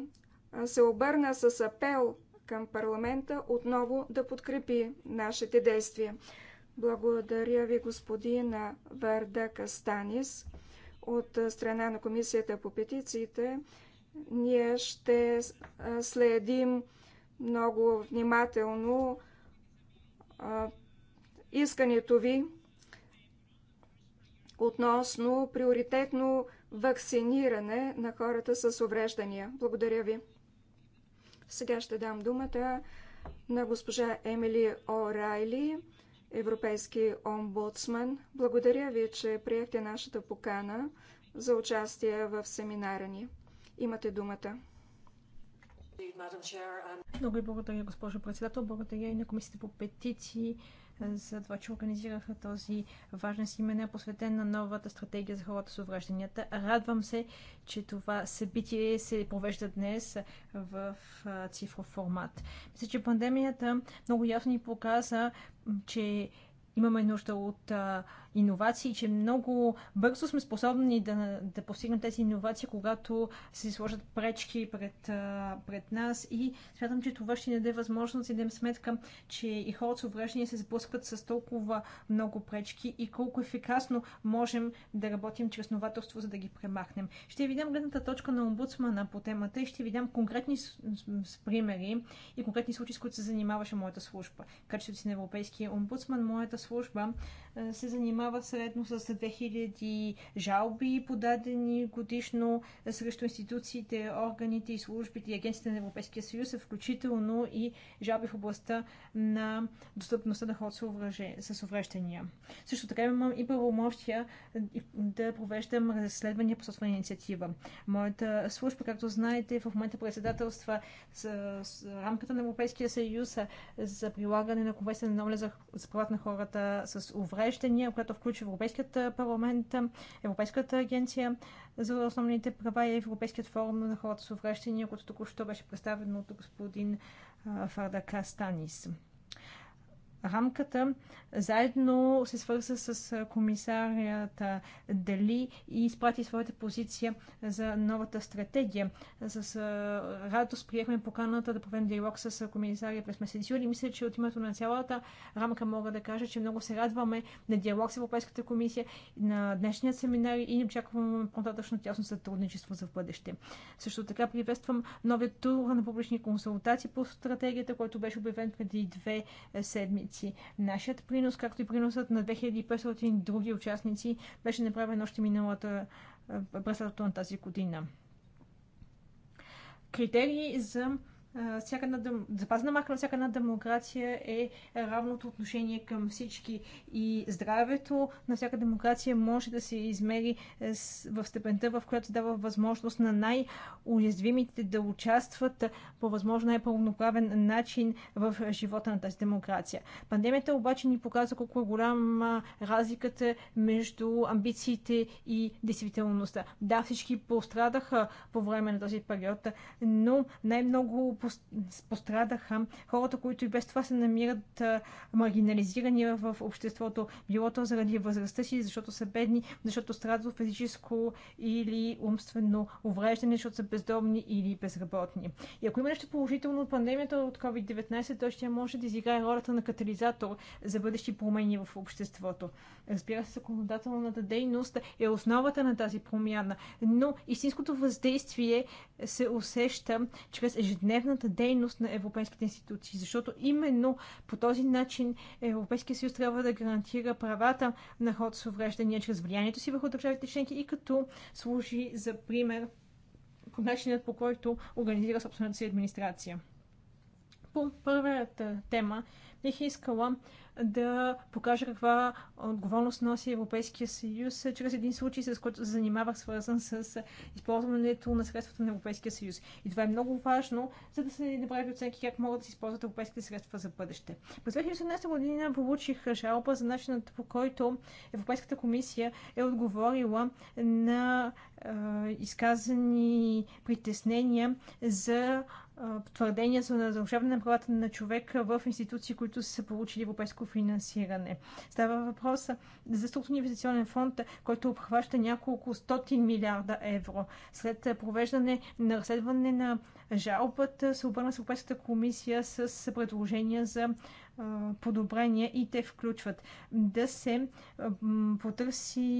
се обърна с апел към парламента отново да подкрепи нашите действия. Благодаря ви, господин Варда Кастанис. От страна на Комисията по петициите ние ще следим много внимателно искането ви относно приоритетно вакциниране на хората с увреждания. Благодаря ви. Сега ще дам думата на госпожа Емили О'Райли европейски омбудсман. Благодаря ви, че приехте нашата покана за участие в семинара ни. Имате думата. Много ви благодаря, госпожо председател. Благодаря и на комисията по петиции за това, че организираха този важен семинар, е посветен на новата стратегия за хората с уврежданията. Радвам се, че това събитие се провежда днес в цифров формат. Мисля, че пандемията много ясно ни показа, че имаме нужда от иновации, че много бързо сме способни да, да постигнем тези иновации, когато се сложат пречки пред, пред нас и смятам, че това ще ни даде възможност да дадем сметка, че и хората с увреждания се сблъскват с толкова много пречки и колко ефикасно можем да работим чрез новаторство, за да ги премахнем. Ще ви дам гледната точка на омбудсмана по темата и ще ви дам конкретни с, с примери и конкретни случаи, с които се занимаваше моята служба. Качеството си на европейския омбудсман, моята служба се занимава занимават средно с 2000 жалби, подадени годишно срещу институциите, органите и службите и агенциите на Европейския съюз, включително и жалби в областта на достъпността на хората с увреждания. Също така имам и правомощия да провеждам разследвания по собствена инициатива. Моята служба, както знаете, в момента председателства с, рамката на Европейския съюз за прилагане на конвенция на ОНЕ за правата на хората с увреждания, която която включва Европейският парламент, Европейската агенция за основните права и Европейският форум на хората с увреждания, който току-що беше представен от господин Фарда Кастанис рамката, заедно се свърза с комисарията Дали и изпрати своята позиция за новата стратегия. С радост приехме поканата да проведем диалог с комисария през месец юли. Мисля, че от името на цялата рамка мога да кажа, че много се радваме на диалог с Европейската комисия, на днешния семинар и не очакваме по-нататъчно тясно сътрудничество за в бъдеще. Също така приветствам новия тур на публични консултации по стратегията, който беше обявен преди две седмици участници. Нашият принос, както и приносът на 2500 други участници, беше направен още миналата през на тази година. Критерии за всяка една дем... запазна марка на всяка една демокрация е равното отношение към всички. И здравето на всяка демокрация може да се измери е, в степента, в която дава възможност на най-уязвимите да участват по възможно най-пълноправен начин в живота на тази демокрация. Пандемията обаче ни показва колко е голяма разликата между амбициите и действителността. Да, всички пострадаха по време на този период, но най-много пострадаха хората, които и без това се намират маргинализирани в обществото, било то заради възрастта си, защото са бедни, защото страдат от физическо или умствено увреждане, защото са бездомни или безработни. И ако има нещо положително от пандемията от COVID-19, то ще може да изиграе ролята на катализатор за бъдещи промени в обществото. Разбира се, законодателната дейност е основата на тази промяна, но истинското въздействие се усеща чрез ежедневна съдебната дейност на европейските институции, защото именно по този начин Европейския съюз трябва да гарантира правата на хората с увреждания чрез влиянието си върху държавите членки и като служи за пример по начинът по който организира собствената си администрация. По първата е, тема бих искала да покажа каква отговорност носи Европейския съюз е, чрез един случай, с който се занимавах, свързан с е, използването на средствата на Европейския съюз. И това е много важно, за да се направи оценки как могат да се използват европейските средства за бъдеще. През 2018 година получих жалба за начинът по който Европейската комисия е отговорила на е, изказани притеснения за твърдения за нарушаване на правата на човека в институции, които са получили европейско финансиране. Става въпрос за структурния инвестиционен фонд, който обхваща няколко стотин милиарда евро. След провеждане на разследване на жалбата се обърна с Европейската комисия с предложения за подобрения и те включват да се потърси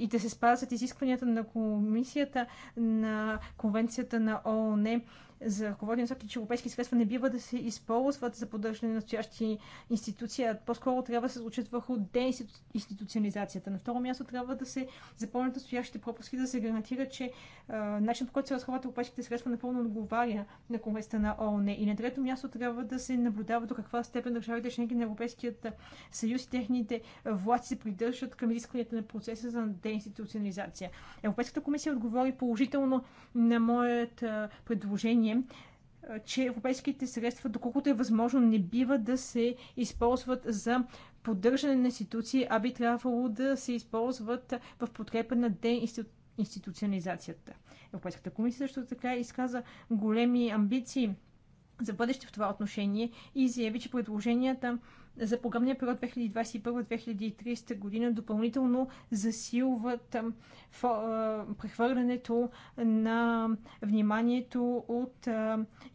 и да се спазват изискванията на комисията на Конвенцията на ООН за ръководни насоки, че европейски средства не бива да се използват за поддържане на настоящи институции, а по-скоро трябва да се случат върху деинституционализацията. На второ място трябва да се запълнят настоящите пропуски, да се гарантира, че а, начинът по който се разходват европейските средства напълно отговаря на конвенцията на ООН. И на трето място трябва да се наблюдава до каква степен държавите членки на Европейския съюз и техните власти се придържат към изискванията на процеса за деинституционализация. Европейската комисия отговори положително на моят предложение мнение, че европейските средства, доколкото е възможно, не бива да се използват за поддържане на институции, а би трябвало да се използват в подкрепа на деинституционализацията. Европейската комисия също така изказа големи амбиции за бъдеще в това отношение и заяви, че предложенията за програмния период 2021-2030 година допълнително засилват прехвърлянето на вниманието от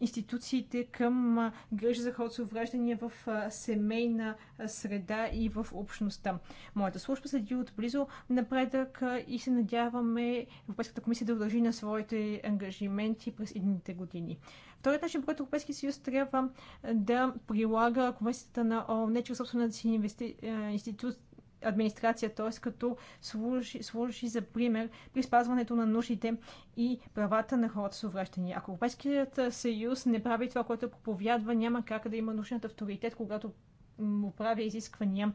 институциите към грижа за хората с увреждания в семейна среда и в общността. Моята служба следи отблизо напредък и се надяваме Европейската комисия да удължи на своите ангажименти през едните години. Вторият начин, по който Европейския съюз трябва да прилага конвенцията на ООН, чрез собствената си инвести... институт администрация, т.е. като служи, служи за пример при спазването на нуждите и правата на хората с увращания. Ако Европейският съюз не прави това, което проповядва, няма как да има нужната авторитет, когато му прави изисквания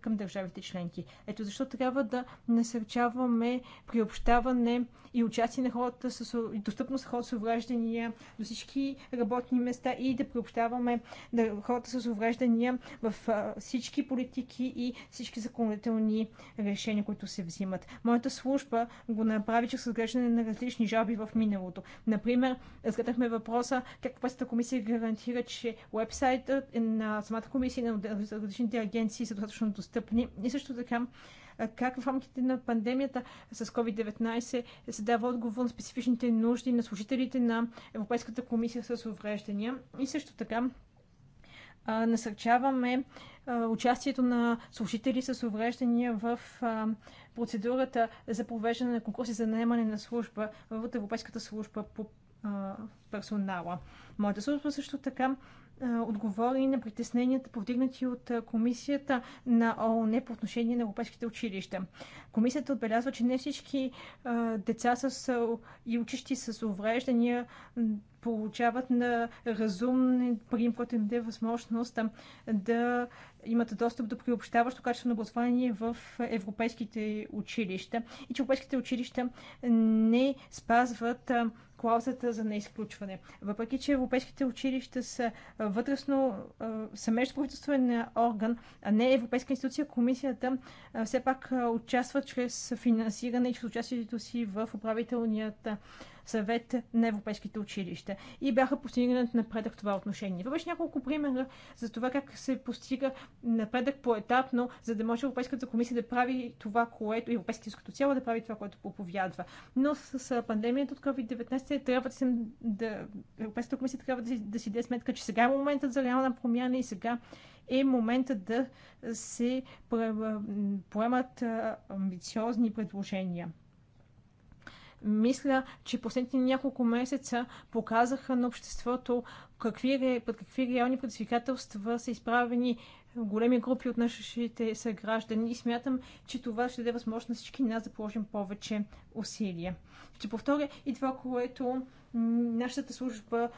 към държавите членки. Ето защо трябва да насърчаваме приобщаване и участие на хората с достъпност на хората с увреждания до всички работни места и да приобщаваме да, хората с увреждания в всички политики и всички законодателни решения, които се взимат. Моята служба го направи чрез разглеждане на различни жалби в миналото. Например, разгледахме въпроса как Пътната комисия гарантира, че вебсайтът е на самата комисия на различните агенции са достатъчно достъпни. И също така, как в рамките на пандемията с COVID-19 се дава отговор на специфичните нужди на служителите на Европейската комисия с увреждания. И също така, насърчаваме участието на служители с увреждания в процедурата за провеждане на конкурси за наемане на служба в Европейската служба по персонала. Моята служба също така е, отговори на притесненията, повдигнати от е, Комисията на ООН по отношение на европейските училища. Комисията отбелязва, че не всички е, деца с, и учещи с увреждания получават на разумни пари, който им даде възможност да имат достъп до приобщаващо качествено образование в европейските училища и че европейските училища не спазват клаузата за неизключване. Въпреки, че европейските училища са вътрешно съмещо правителствен орган, а не Европейска институция, комисията все пак участва чрез финансиране и чрез участието си в управителният съвет на европейските училища и бяха постигнат напредък в това отношение. Въпреки няколко примера за това как се постига напредък поетапно, за да може Европейската комисия да прави това, което Европейския като цяло да прави това, което проповядва. Но с пандемията от COVID-19 трябва да, да Европейската комисия трябва да си, да си даде сметка, че сега е моментът за реална промяна и сега е момента да се поемат амбициозни предложения. Мисля, че последните няколко месеца показаха на обществото какви, под какви реални предизвикателства са изправени големи групи от нашите съграждани и смятам, че това ще даде възможност на всички нас да положим повече усилия. Ще повторя и това, което нашата служба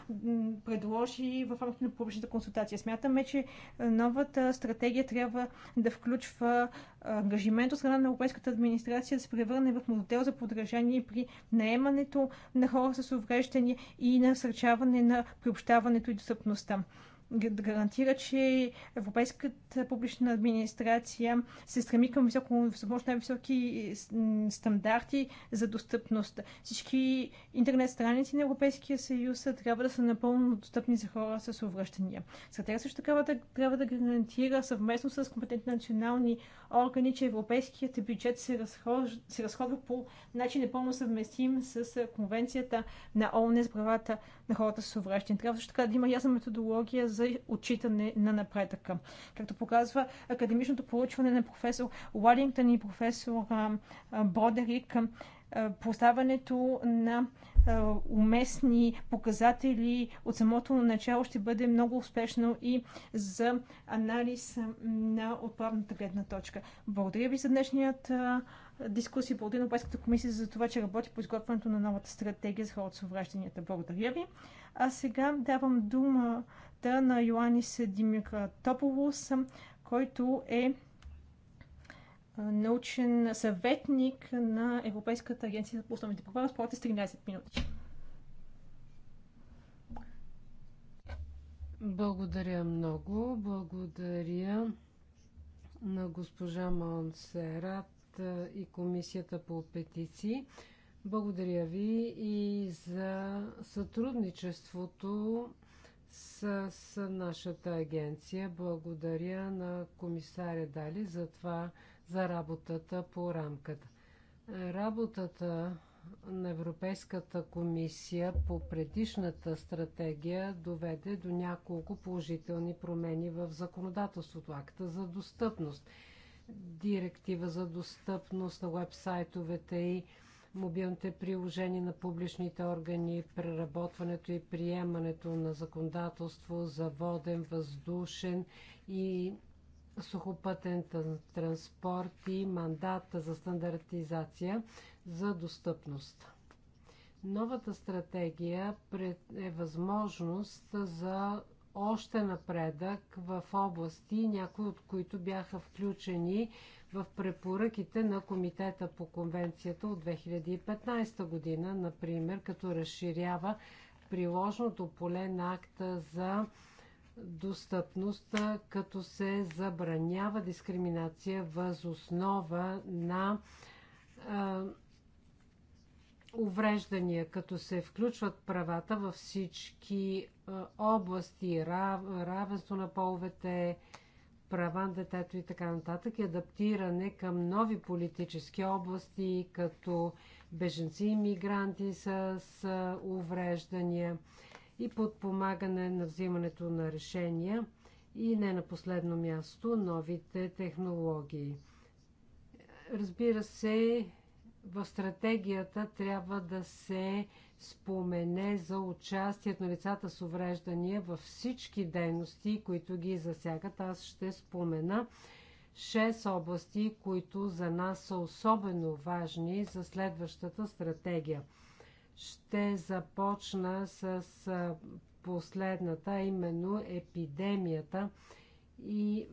предложи в рамките на публичната консултация. Смятаме, че новата стратегия трябва да включва ангажимент от страна на Европейската администрация да се превърне в модел за подражание при наемането на хора с увреждания и насърчаване на приобщаването и достъпността да гарантира, че европейската публична администрация се стреми към високо, възможно най-високи стандарти за достъпност. Всички интернет страници на Европейския съюз трябва да са напълно достъпни за хора с увръщания. Стратегия също трябва да, трябва да гарантира съвместно с компетентни национални органи, че европейският бюджет се, разхожда се разходва по начин непълно съвместим с конвенцията на ООН за правата на хората с увръщания. Трябва също така да има ясна методология за за отчитане на напредъка. Както показва академичното проучване на професор Уалингтън и професор Бродерик, поставането на е, уместни показатели от самото начало ще бъде много успешно и за анализ на отправната гледна точка. Благодаря ви за днешният е, дискусия. Благодаря на Европейската комисия за това, че работи по изготвянето на новата стратегия за хората с увражданията. Благодаря ви. А сега давам думата на Йоанис Димикра Тополус, който е научен съветник на Европейската агенция по основните права. Разполагате с 13 минути. Благодаря много. Благодаря на госпожа Монсерат и Комисията по петиции. Благодаря ви и за сътрудничеството с, с нашата агенция. Благодаря на комисаря Дали за това, за работата по рамката. Работата на Европейската комисия по предишната стратегия доведе до няколко положителни промени в законодателството. Акта за достъпност, директива за достъпност на вебсайтовете и мобилните приложения на публичните органи, преработването и приемането на законодателство за воден, въздушен и сухопътен транспорт и мандата за стандартизация за достъпност. Новата стратегия е възможност за още напредък в области, някои от които бяха включени в препоръките на Комитета по конвенцията от 2015 година, например, като разширява приложното поле на акта за достъпност, като се забранява дискриминация въз основа на а, увреждания, като се включват правата във всички а, области, рав, равенство на половете, права на детето и така нататък, и адаптиране към нови политически области, като беженци и мигранти с увреждания, и подпомагане на взимането на решения и не на последно място новите технологии. Разбира се, в стратегията трябва да се спомене за участието на лицата с увреждания във всички дейности, които ги засягат. Аз ще спомена 6 области, които за нас са особено важни за следващата стратегия – ще започна с последната, именно епидемията и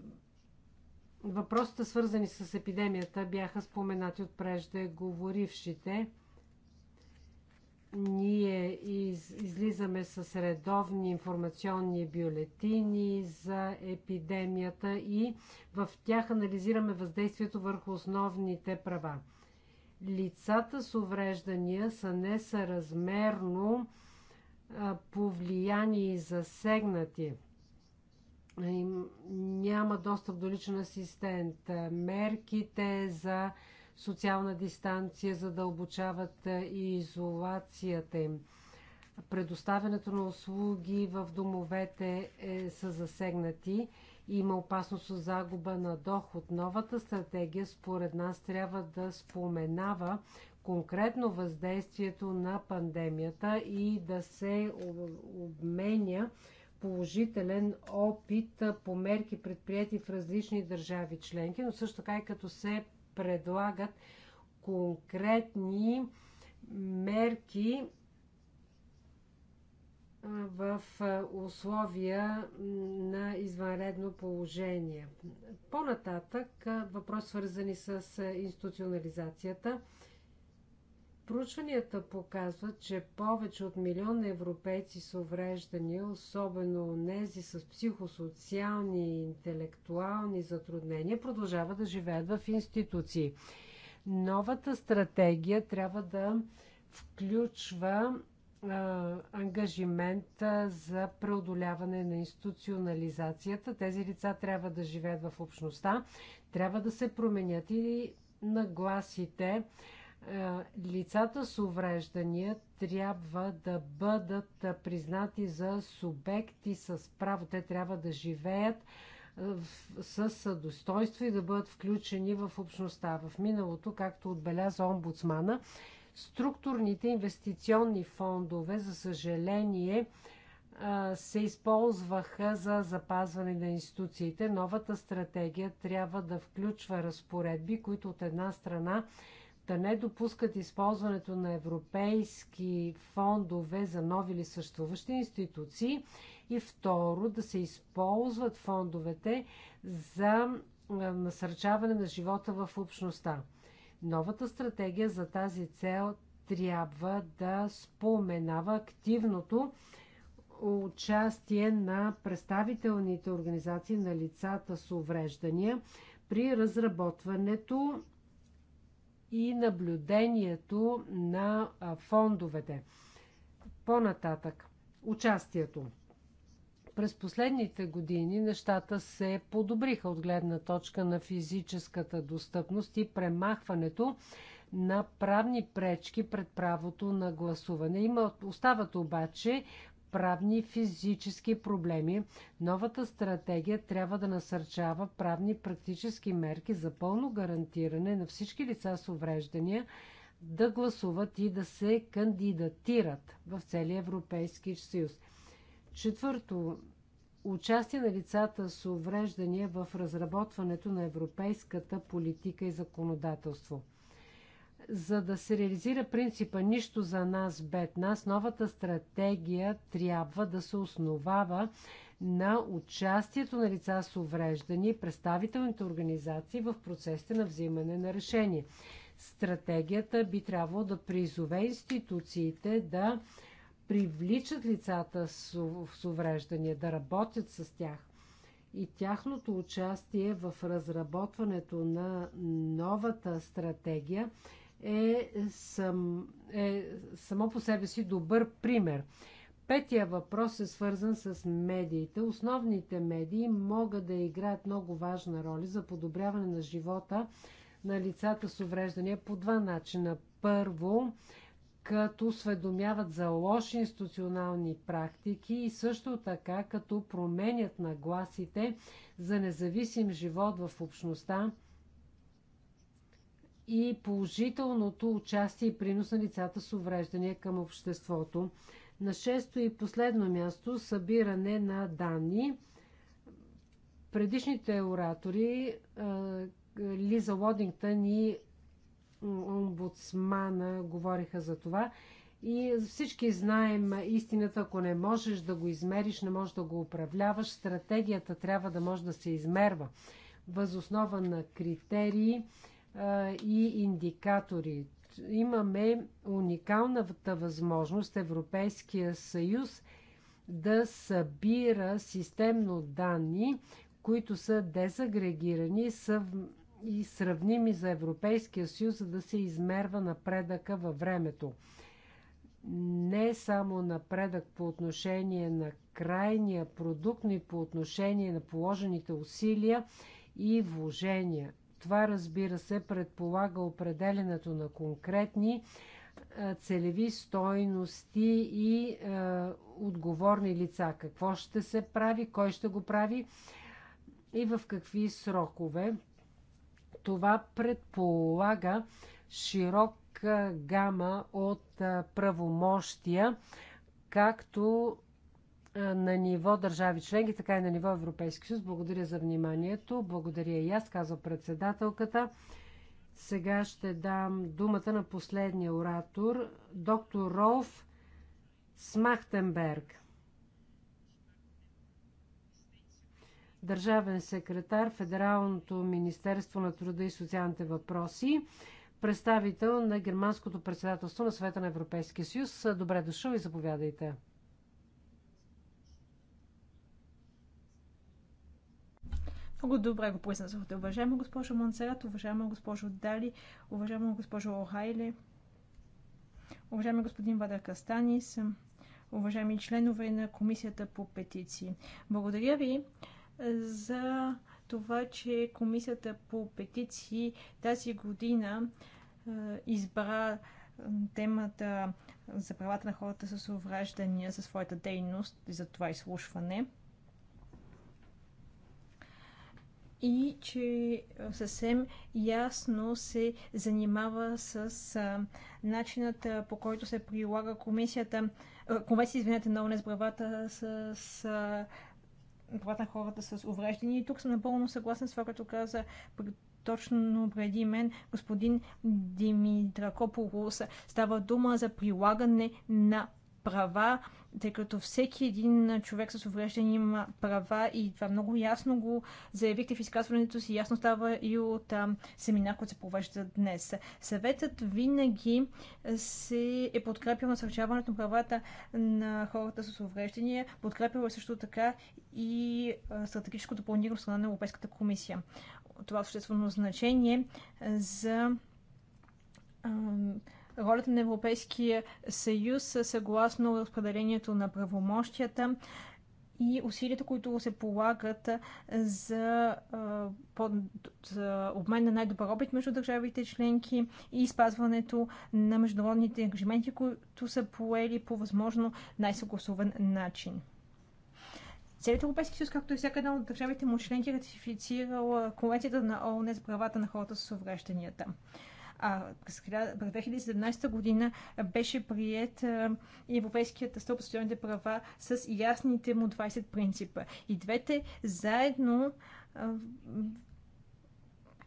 въпросите свързани с епидемията бяха споменати от преждеговорившите. Ние из, излизаме с редовни информационни бюлетини за епидемията и в тях анализираме въздействието върху основните права лицата с увреждания са несъразмерно повлияни и засегнати. няма достъп до личен асистент. Мерките за социална дистанция задълбочават и изолацията им. Предоставянето на услуги в домовете е, са засегнати има опасност от загуба на доход. Новата стратегия, според нас, трябва да споменава конкретно въздействието на пандемията и да се обменя положителен опит по мерки предприяти в различни държави членки, но също така и като се предлагат конкретни мерки в условия на извънредно положение. По-нататък въпрос свързани с институционализацията. Проучванията показват, че повече от милион европейци с увреждания, особено нези с психосоциални и интелектуални затруднения, продължават да живеят в институции. Новата стратегия трябва да включва ангажимент за преодоляване на институционализацията. Тези лица трябва да живеят в общността, трябва да се променят и нагласите. Лицата с увреждания трябва да бъдат признати за субекти с право. Те трябва да живеят с достоинство и да бъдат включени в общността. В миналото, както отбеляза омбудсмана, Структурните инвестиционни фондове, за съжаление, се използваха за запазване на институциите. Новата стратегия трябва да включва разпоредби, които от една страна да не допускат използването на европейски фондове за нови или съществуващи институции и второ да се използват фондовете за насърчаване на живота в общността. Новата стратегия за тази цел трябва да споменава активното участие на представителните организации на лицата с увреждания при разработването и наблюдението на фондовете. По-нататък, участието. През последните години нещата се подобриха от гледна точка на физическата достъпност и премахването на правни пречки пред правото на гласуване. Има, остават обаче правни физически проблеми. Новата стратегия трябва да насърчава правни практически мерки за пълно гарантиране на всички лица с увреждания да гласуват и да се кандидатират в целия Европейски съюз. Четвърто, участие на лицата с увреждания в разработването на европейската политика и законодателство. За да се реализира принципа нищо за нас бед нас, новата стратегия трябва да се основава на участието на лица с увреждани и представителните организации в процесите на взимане на решение. Стратегията би трябвало да призове институциите да привличат лицата с увреждания, да работят с тях. И тяхното участие в разработването на новата стратегия е, сам, е само по себе си добър пример. Петия въпрос е свързан с медиите. Основните медии могат да играят много важна роля за подобряване на живота на лицата с увреждания по два начина. Първо, като осведомяват за лоши институционални практики и също така като променят нагласите за независим живот в общността и положителното участие и принос на лицата с увреждания към обществото. На шесто и последно място събиране на данни. Предишните оратори Лиза Лодингтън и омбудсмана говориха за това. И всички знаем истината, ако не можеш да го измериш, не можеш да го управляваш, стратегията трябва да може да се измерва възоснова на критерии а, и индикатори. Имаме уникалната възможност Европейския съюз да събира системно данни, които са дезагрегирани, съв и сравними за Европейския съюз, за да се измерва напредъка във времето. Не само напредък по отношение на крайния продукт, но и по отношение на положените усилия и вложения. Това, разбира се, предполага определенето на конкретни целеви стойности и е, отговорни лица. Какво ще се прави, кой ще го прави и в какви срокове това предполага широк гама от правомощия, както на ниво държави членки, така и на ниво Европейски съюз. Благодаря за вниманието. Благодаря и аз, казва председателката. Сега ще дам думата на последния оратор, доктор Ролф Смахтенберг. държавен секретар Федералното министерство на труда и социалните въпроси, представител на германското председателство на Света на Европейския съюз. Добре дошъл и заповядайте. Много добре го произнесохте. Уважаема госпожо Монсерат, уважаема госпожо Дали, уважаема госпожо Охайле, уважаеми господин Вадър Кастанис, уважаеми членове на Комисията по петиции. Благодаря ви за това, че Комисията по петиции тази година избра темата за правата на хората с увреждания за своята дейност и за това изслушване. И че съвсем ясно се занимава с а, начинът по който се прилага комисията, а, комисия, извинете, на ОНЕ с правата с, с правата на хората с увреждания. И тук съм напълно съгласен с това, което каза точно преди мен господин Димитракополус. Става дума за прилагане на права тъй като всеки един човек с увреждане има права и това много ясно го заявихте в изказването си, ясно става и от а, семинар, който се провежда днес. Съветът винаги се е подкрепил на насърчаването на правата на хората с увреждания, подкрепил е също така и стратегическото планиране страна на Европейската комисия. Това е съществено значение за ролята на Европейския съюз съгласно разпределението на правомощията и усилията, които се полагат за, за обмен на най-добър опит между държавите членки и спазването на международните ангажименти, които са поели по възможно най-съгласуван начин. Целият Европейски съюз, както и всяка една от държавите му членки, е ратифицирала Конвенцията на ООН за правата на хората с увреждания. А през 2017 година беше прият Европейският стълб социалните права с ясните му 20 принципа. И двете заедно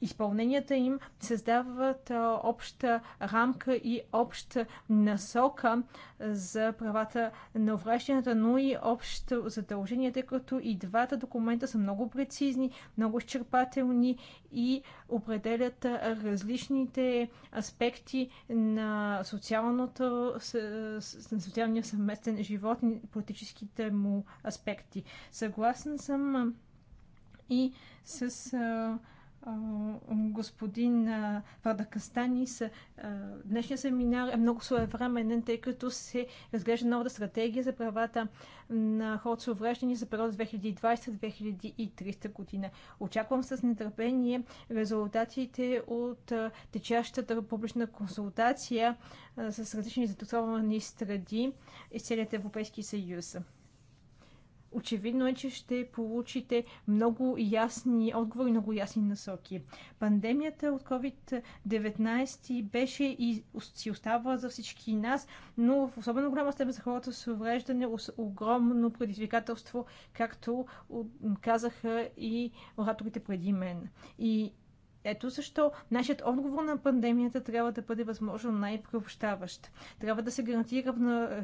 изпълненията им създават обща рамка и обща насока за правата на увреждането, но и общо задължение, тъй като и двата документа са много прецизни, много изчерпателни и определят различните аспекти на, социалното, на социалния съвместен живот и политическите му аспекти. Съгласен съм и с господин Вардакастанис. днешния семинар е много своевременен, тъй като се разглежда новата стратегия за правата на хората с увреждания за период 2020-2030 година. Очаквам с нетърпение резултатите от течащата публична консултация с различни заинтересовани страни из целият Европейски съюз очевидно е, че ще получите много ясни отговори, много ясни насоки. Пандемията от COVID-19 беше и си остава за всички нас, но в особено голяма степен за хората с увреждане огромно предизвикателство, както казаха и ораторите преди мен. И ето защо нашият отговор на пандемията трябва да бъде възможно най-приобщаващ. Трябва да се гарантира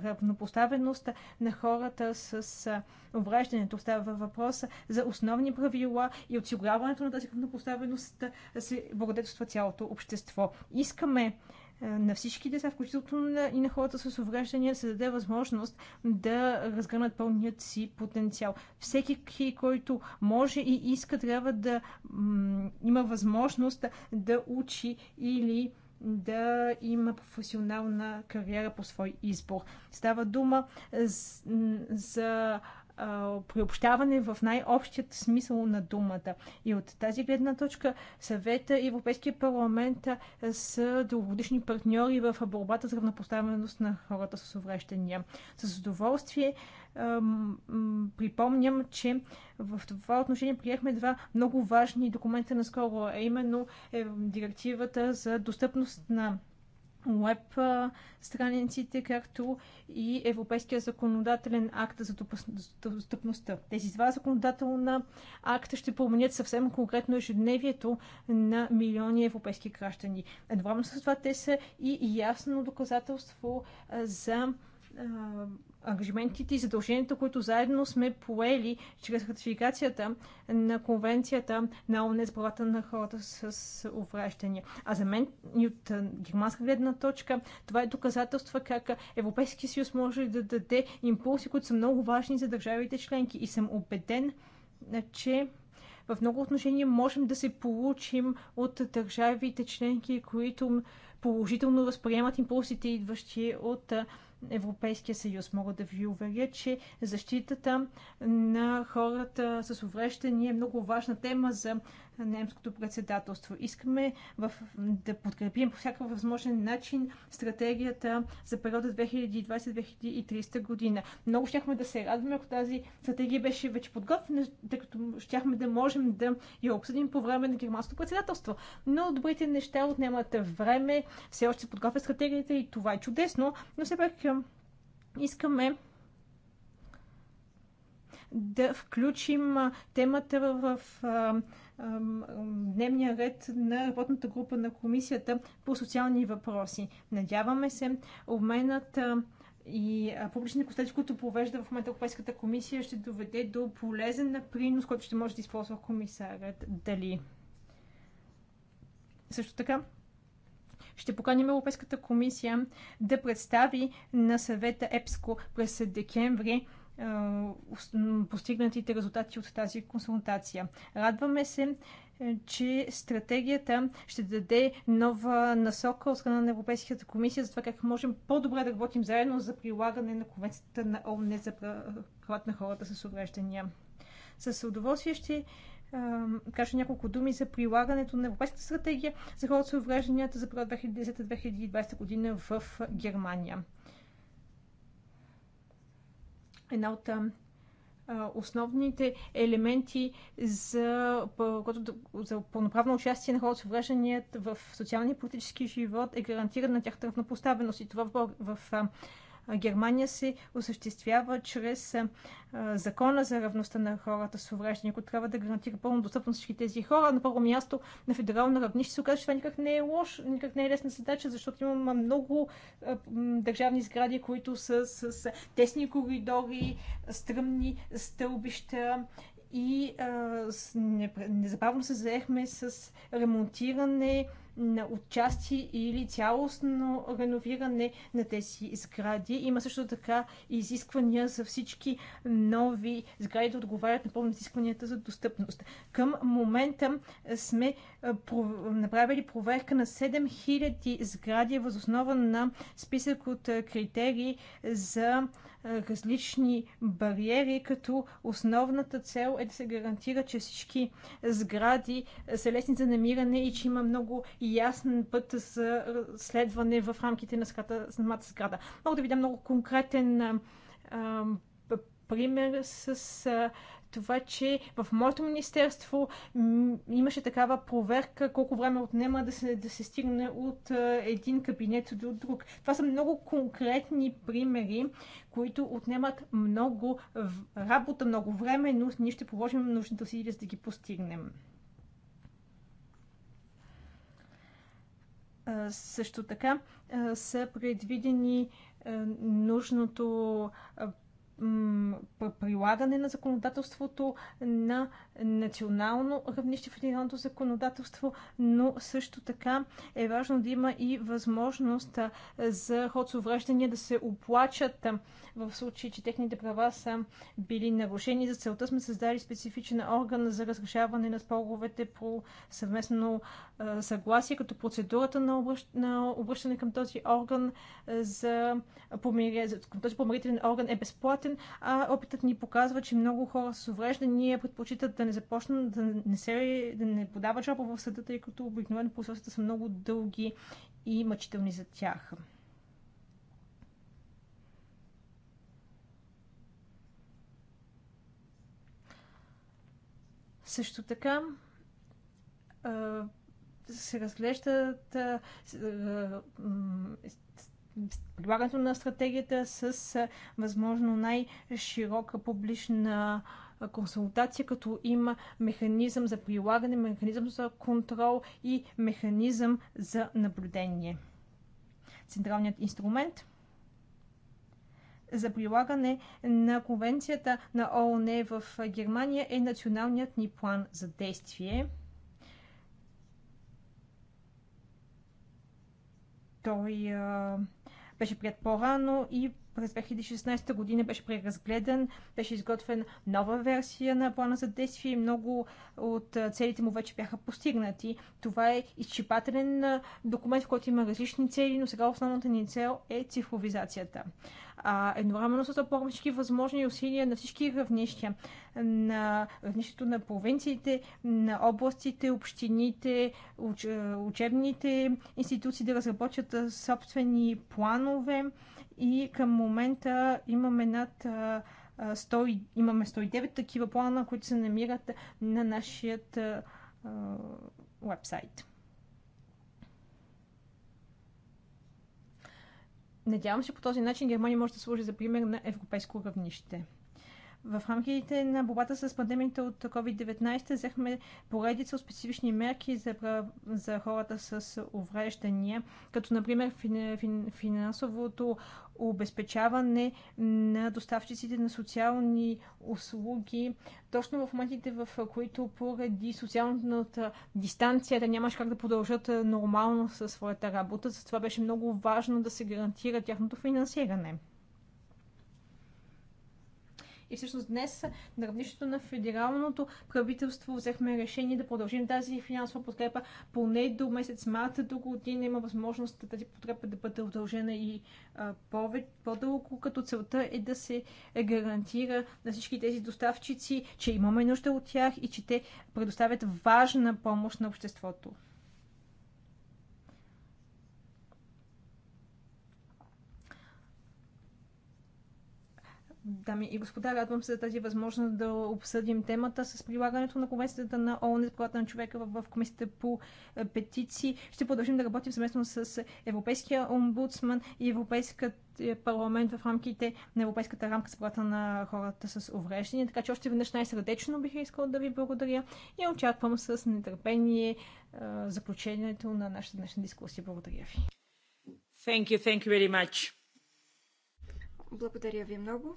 равнопоставеност на хората с увреждането. Става въпроса за основни правила и осигуряването на тази равнопоставеност да се благодетелства цялото общество. Искаме е, на всички деца, включително и на хората с увреждания, се даде възможност да разгърнат пълният си потенциал. Всеки, който може и иска, трябва да има възможност да учи или да има професионална кариера по свой избор. Става дума за приобщаване в най-общият смисъл на думата. И от тази гледна точка съвета и Европейския парламент са дългогодишни партньори в борбата за равнопоставеност на хората с увреждания. С удоволствие припомням, че в това отношение приехме два много важни документа наскоро, а именно е, директивата за достъпност на веб страниците, както и Европейския законодателен акт за достъпността. Тези два законодателна акта ще променят съвсем конкретно ежедневието на милиони европейски граждани. Едновременно с това те са и ясно доказателство за ангажиментите и задълженията, които заедно сме поели чрез ратификацията на конвенцията на ООН за правата на хората с увреждания. А за мен и от германска гледна точка това е доказателство как Европейския съюз може да даде импулси, които са много важни за държавите членки. И съм убеден, че в много отношения можем да се получим от държавите членки, които положително възприемат импулсите, идващи от Европейския съюз. Мога да ви уверя, че защитата на хората с увреждания е много важна тема за немското председателство. Искаме в, да подкрепим по всякакъв възможен начин стратегията за периода 2020-2030 година. Много щяхме да се радваме, ако тази стратегия беше вече подготвена, тъй като щяхме да можем да я обсъдим по време на германското председателство. Но добрите неща отнемат време, все още се подготвя стратегията и това е чудесно, но все пак искаме да включим темата в дневния ред на работната група на Комисията по социални въпроси. Надяваме се обменът и публичните консултации, които провежда в момента Европейската комисия, ще доведе до полезен принос, който ще може да използва комисарят Дали. Също така, ще поканим Европейската комисия да представи на съвета ЕПСКО през декември постигнатите резултати от тази консултация. Радваме се, е, че стратегията ще даде нова насока от страна на Европейската комисия за това как можем по-добре да работим заедно за прилагане на Конвенцията на ОМН за правата на хората с увреждания. С удоволствие ще е, кажа няколко думи за прилагането на Европейската стратегия за хората с увреждания за период 2010-2020 година в Германия една от основните елементи за, за пълноправно участие на хората с увреждания в социалния и политически живот е гарантирана тяхната равнопоставеност. И това в, в, в Германия се осъществява чрез закона за равността на хората с увреждания, който трябва да гарантира пълно достъпност всички тези хора. На първо място на федерално равнище се оказа, че това никак не е лош, никак не е лесна задача, защото има много държавни сгради, които са с тесни коридори, стръмни стълбища и а, с, не, незабавно се заехме с ремонтиране на отчасти или цялостно реновиране на тези сгради. Има също така изисквания за всички нови сгради да отговарят на пълно изискванията за достъпност. Към момента сме направили проверка на 7000 сгради възоснова на списък от критерии за е, различни бариери, като основната цел е да се гарантира, че всички сгради е, са лесни за намиране и че има много ясен път за следване в рамките на самата сграда. Мога да ви дам много конкретен е, пример с това, че в моето министерство имаше такава проверка, колко време отнема да се, да се стигне от един кабинет до друг. Това са много конкретни примери, които отнемат много работа, много време, но ние ще положим нужните усилия, за да ги постигнем. Също така са предвидени нужното прилагане на законодателството на национално равнище в единното законодателство, но също така е важно да има и възможност за ход с увреждания да се оплачат в случай, че техните права са били нарушени. За целта сме създали специфичен орган за разрешаване на споровете по съвместно съгласие, като процедурата на, обръщ... на обръщане към този орган за помирителен орган е безплатен ясен, а опитът ни показва, че много хора с увреждания предпочитат да не започнат, да не, се, да не подават жалба в съда, тъй като обикновено посолствата са много дълги и мъчителни за тях. Също така се разглеждат прилагането на стратегията с възможно най-широка публична консултация, като има механизъм за прилагане, механизъм за контрол и механизъм за наблюдение. Централният инструмент за прилагане на конвенцията на ООН в Германия е националният ни план за действие. Той беше прият по-рано и през 2016 година беше преразгледан, беше изготвен нова версия на плана за действие и много от целите му вече бяха постигнати. Това е изчипателен документ, в който има различни цели, но сега основната ни цел е цифровизацията. А, едновременно са това всички възможни усилия на всички равнища, на равнището на провинциите, на областите, общините, уч, учебните институции да разработят собствени планове, и към момента имаме над 100, имаме 109 такива плана, които се намират на нашия вебсайт. Надявам се по този начин Германия може да служи за пример на европейско равнище. В рамките на борбата с пандемията от COVID-19 взехме поредица от специфични мерки за, за хората с увреждания, като например фин, фин, финансовото обезпечаване на доставчиците на социални услуги. Точно в моментите, в които поради социалната дистанция да нямаш как да продължат нормално със своята работа, затова беше много важно да се гарантира тяхното финансиране. И всъщност днес на равнището на федералното правителство взехме решение да продължим тази финансова подкрепа поне до месец март до година. Има възможност тази подкрепа да бъде удължена и по-дълго, като целта е да се гарантира на всички тези доставчици, че имаме нужда от тях и че те предоставят важна помощ на обществото. Дами и господа, радвам се за тази възможност да обсъдим темата с прилагането на Конвенцията на ООН за правата на човека в Комисията по е, петиции. Ще продължим да работим съвместно с Европейския омбудсман и Европейската е, парламент в рамките на Европейската рамка за правата на хората с увреждания. Така че още веднъж най-сърдечно бих искала да ви благодаря и очаквам с нетърпение е, заключението на нашата днешна дискусия. Благодаря ви. Thank you, thank you very much. Благодаря ви много.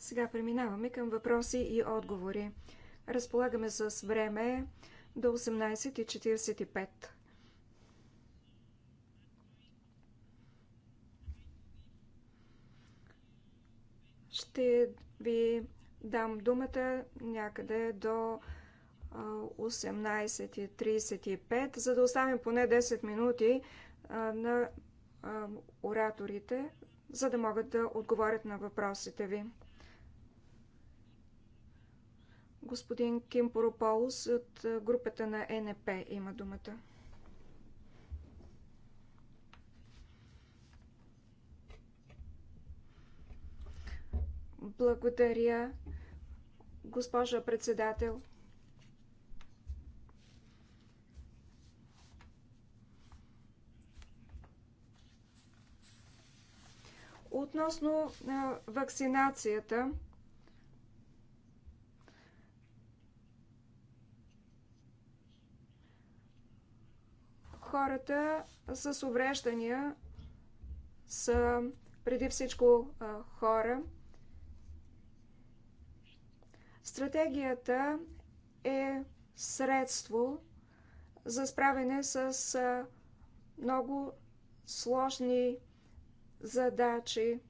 Сега преминаваме към въпроси и отговори. Разполагаме с време до 18.45. Ще ви дам думата някъде до 18.35, за да оставим поне 10 минути на ораторите, за да могат да отговорят на въпросите ви. Господин Ким Порополус от е, групата на е НП има думата. Благодаря, госпожа председател. Относно а, е, вакцинацията, хората с увреждания са преди всичко хора. Стратегията е средство за справяне с много сложни задачи.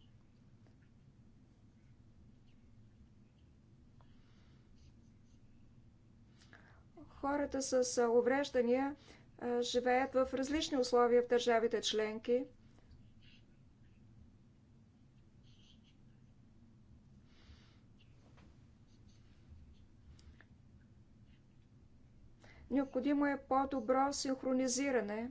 Хората с увреждания живеят в различни условия в държавите членки. Необходимо е по-добро синхронизиране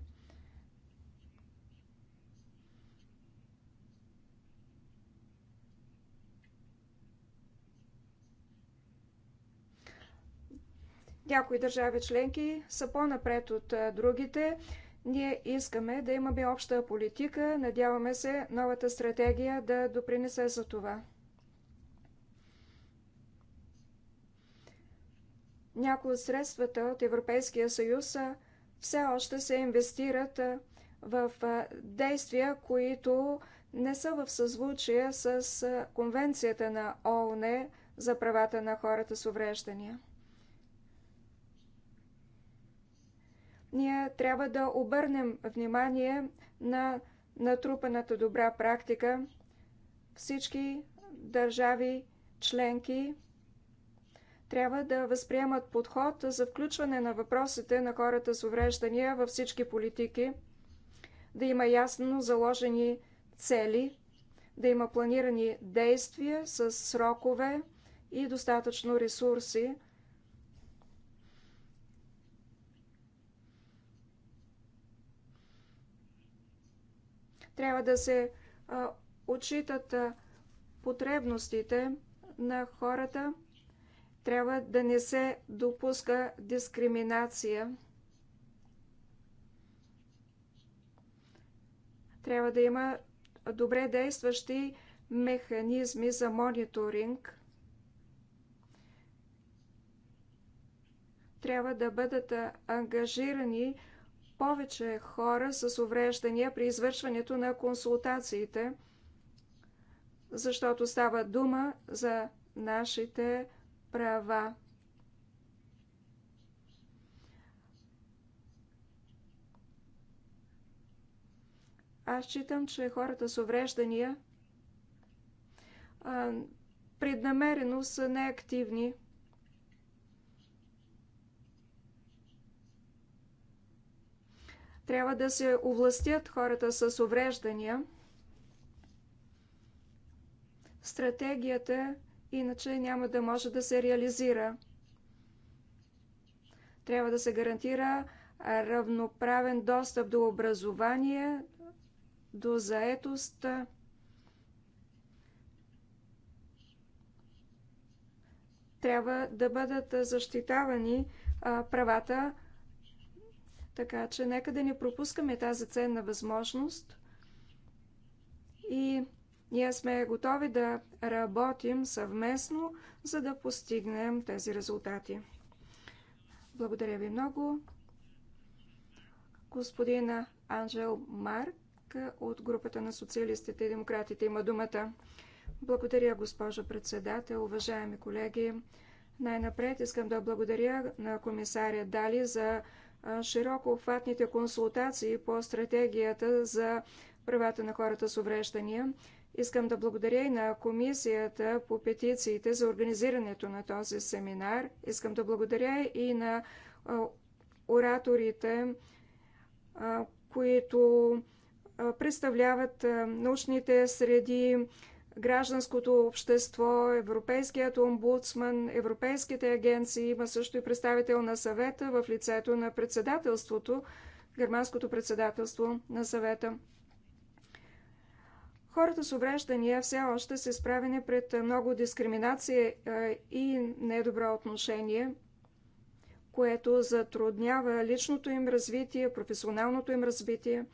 Някои държави членки са по-напред от другите. Ние искаме да имаме обща политика. Надяваме се новата стратегия да допринесе за това. Някои от средствата от Европейския съюз все още се инвестират в действия, които не са в съзвучие с Конвенцията на ООН за правата на хората с увреждания. ние трябва да обърнем внимание на натрупаната добра практика. Всички държави членки трябва да възприемат подход за включване на въпросите на хората с увреждания във всички политики, да има ясно заложени цели, да има планирани действия с срокове и достатъчно ресурси, Трябва да се отчитат потребностите на хората. Трябва да не се допуска дискриминация. Трябва да има добре действащи механизми за мониторинг. Трябва да бъдат ангажирани повече хора с увреждания при извършването на консултациите, защото става дума за нашите права. Аз считам, че хората с увреждания преднамерено са неактивни. Трябва да се овластят хората с увреждания. Стратегията иначе няма да може да се реализира. Трябва да се гарантира равноправен достъп до образование, до заетост. Трябва да бъдат защитавани правата така че нека да не пропускаме тази ценна възможност и ние сме готови да работим съвместно, за да постигнем тези резултати. Благодаря ви много. Господина Анжел Марк от групата на социалистите и демократите има думата. Благодаря, госпожо председател, уважаеми колеги. Най-напред искам да благодаря на комисаря Дали за широко обхватните консултации по стратегията за правата на хората с увреждания. Искам да благодаря и на Комисията по петициите за организирането на този семинар. Искам да благодаря и на ораторите, които представляват научните среди, гражданското общество, Европейският омбудсман, европейските агенции, има също и представител на съвета в лицето на председателството, германското председателство на съвета. Хората с увреждания все още са изправени пред много дискриминация и недобро отношение, което затруднява личното им развитие, професионалното им развитие.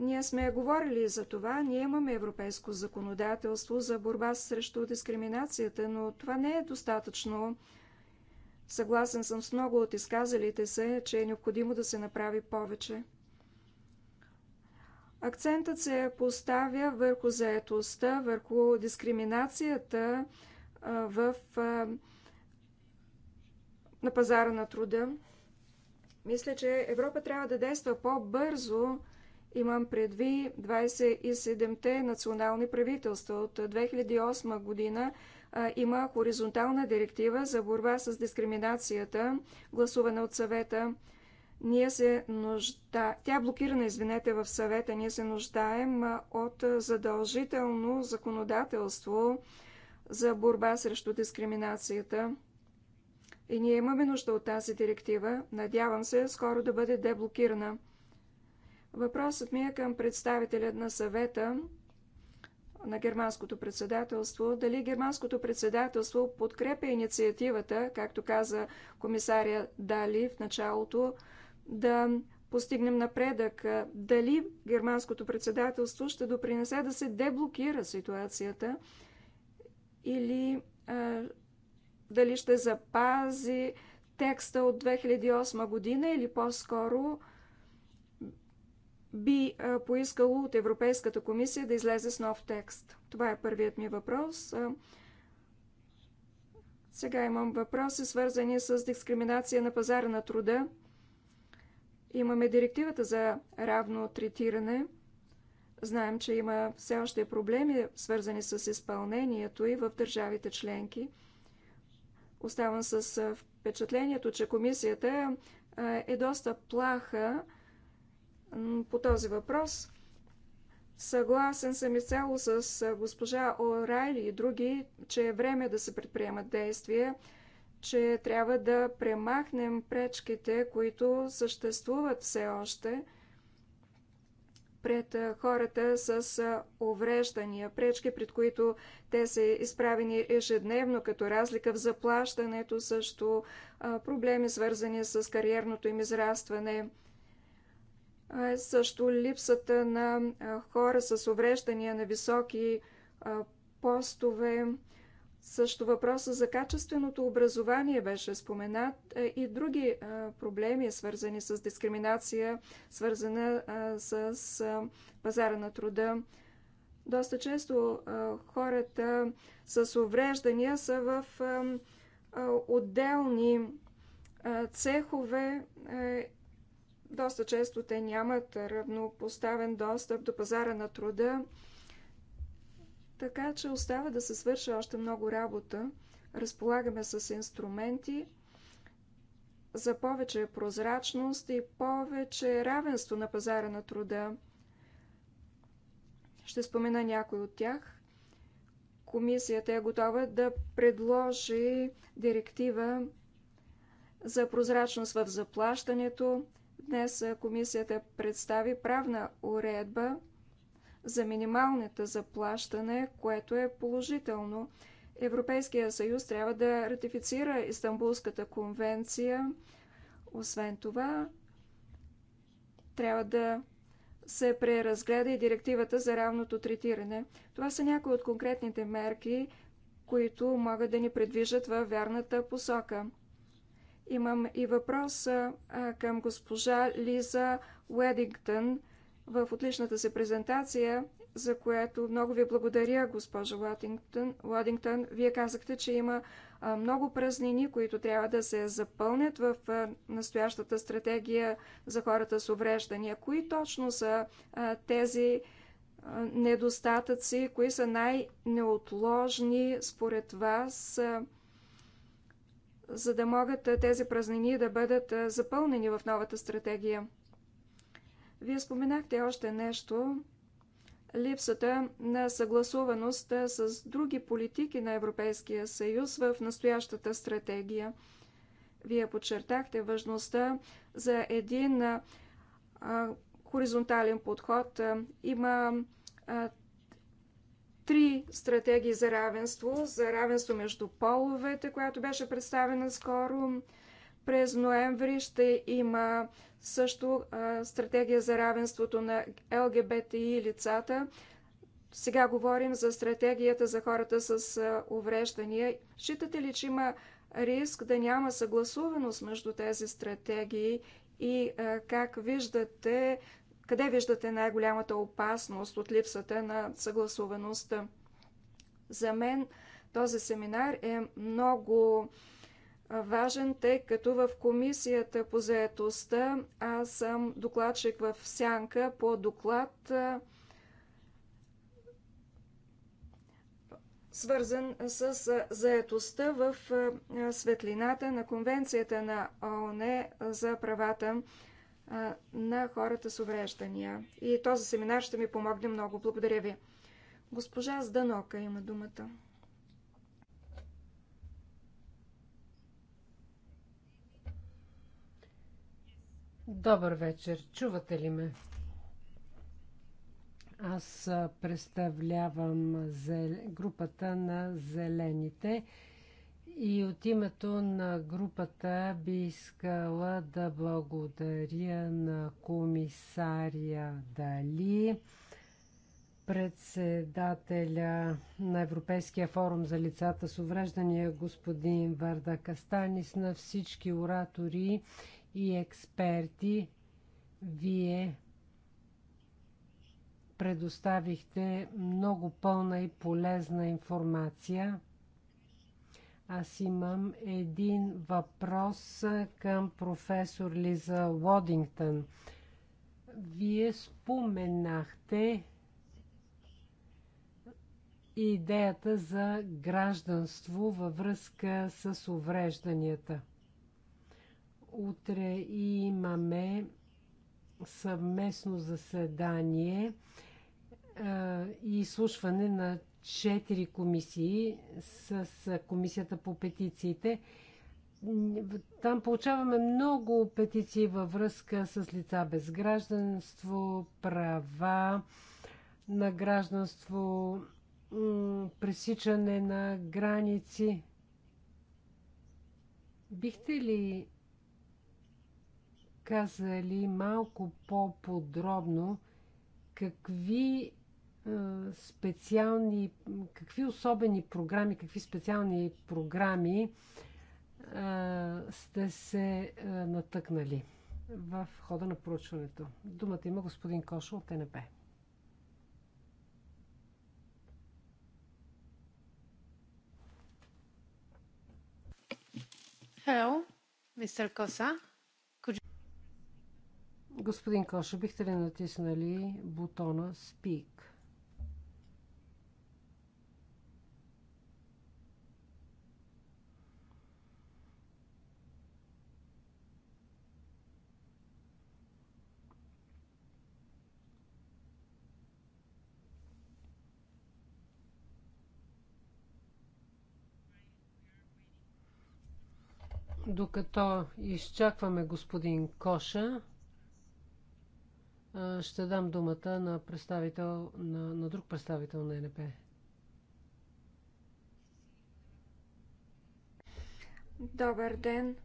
Ние сме говорили за това, ние имаме европейско законодателство за борба срещу дискриминацията, но това не е достатъчно. Съгласен съм с много от изказалите се, че е необходимо да се направи повече. Акцентът се поставя върху заетостта, върху дискриминацията в, на пазара на труда. Мисля, че Европа трябва да действа по-бързо, Имам предви 27-те национални правителства. От 2008 година а, има хоризонтална директива за борба с дискриминацията, гласувана от съвета. Ние се нужда... Тя е блокирана, извинете, в съвета. Ние се нуждаем от задължително законодателство за борба срещу дискриминацията. И ние имаме нужда от тази директива. Надявам се скоро да бъде деблокирана. Въпросът ми е към представителя на съвета на германското председателство. Дали германското председателство подкрепя инициативата, както каза комисаря Дали в началото, да постигнем напредък? Дали германското председателство ще допринесе да се деблокира ситуацията или а, дали ще запази текста от 2008 година или по-скоро би поискало от Европейската комисия да излезе с нов текст? Това е първият ми въпрос. Сега имам въпроси, свързани с дискриминация на пазара на труда. Имаме директивата за равно третиране. Знаем, че има все още проблеми, свързани с изпълнението и в държавите членки. Оставам с впечатлението, че комисията е доста плаха по този въпрос. Съгласен съм изцяло с госпожа Орайли и други, че е време да се предприемат действия, че трябва да премахнем пречките, които съществуват все още пред хората с увреждания, пречки, пред които те са изправени ежедневно, като разлика в заплащането, също проблеми свързани с кариерното им израстване – също липсата на хора с увреждания на високи постове, също въпроса за качественото образование беше споменат и други проблеми, свързани с дискриминация, свързана с пазара на труда. Доста често хората с увреждания са в отделни цехове доста често те нямат равнопоставен достъп до пазара на труда, така че остава да се свърши още много работа. Разполагаме с инструменти за повече прозрачност и повече равенство на пазара на труда. Ще спомена някой от тях. Комисията е готова да предложи директива за прозрачност в заплащането, Днес комисията представи правна уредба за минималните заплащане, което е положително. Европейския съюз трябва да ратифицира Истанбулската конвенция. Освен това, трябва да се преразгледа и директивата за равното третиране. Това са някои от конкретните мерки, които могат да ни предвижат във вярната посока. Имам и въпрос към госпожа Лиза Уедингтън в отличната си презентация, за което много ви благодаря, госпожа Уадингтън. Вие казахте, че има много празнини, които трябва да се запълнят в настоящата стратегия за хората с увреждания. Кои точно са тези недостатъци, кои са най-неотложни според вас за да могат тези празнини да бъдат запълнени в новата стратегия. Вие споменахте още нещо липсата на съгласуваност с други политики на Европейския съюз в настоящата стратегия. Вие подчертахте важността за един хоризонтален подход. Има три стратегии за равенство, за равенство между половете, която беше представена скоро. През ноември ще има също а, стратегия за равенството на ЛГБТИ лицата. Сега говорим за стратегията за хората с а, увреждания. Считате ли, че има риск да няма съгласуваност между тези стратегии и а, как виждате къде виждате най-голямата опасност от липсата на съгласуваността? За мен този семинар е много важен, тъй като в комисията по заетостта аз съм докладчик в сянка по доклад свързан с заетостта в светлината на Конвенцията на ООН за правата на хората с увреждания. И този семинар ще ми помогне много. Благодаря ви. Госпожа Зданока има думата. Добър вечер. Чувате ли ме? Аз представлявам групата на зелените. И от името на групата би искала да благодаря на комисария Дали, председателя на Европейския форум за лицата с увреждания господин Варда Кастанис, на всички оратори и експерти. Вие предоставихте много пълна и полезна информация. Аз имам един въпрос към професор Лиза Лодингтън. Вие споменахте идеята за гражданство във връзка с уврежданията. Утре имаме съвместно заседание и изслушване на четири комисии с комисията по петициите. Там получаваме много петиции във връзка с лица без гражданство, права на гражданство, пресичане на граници. Бихте ли казали малко по-подробно какви специални, какви особени програми, какви специални програми сте се натъкнали в хода на проучването? Думата има господин Кошо от НП. Hello, мистер Коса. Господин Коша, бихте ли натиснали бутона Speak? Докато изчакваме господин Коша, ще дам думата на, представител, на, на друг представител на НП. Добър ден!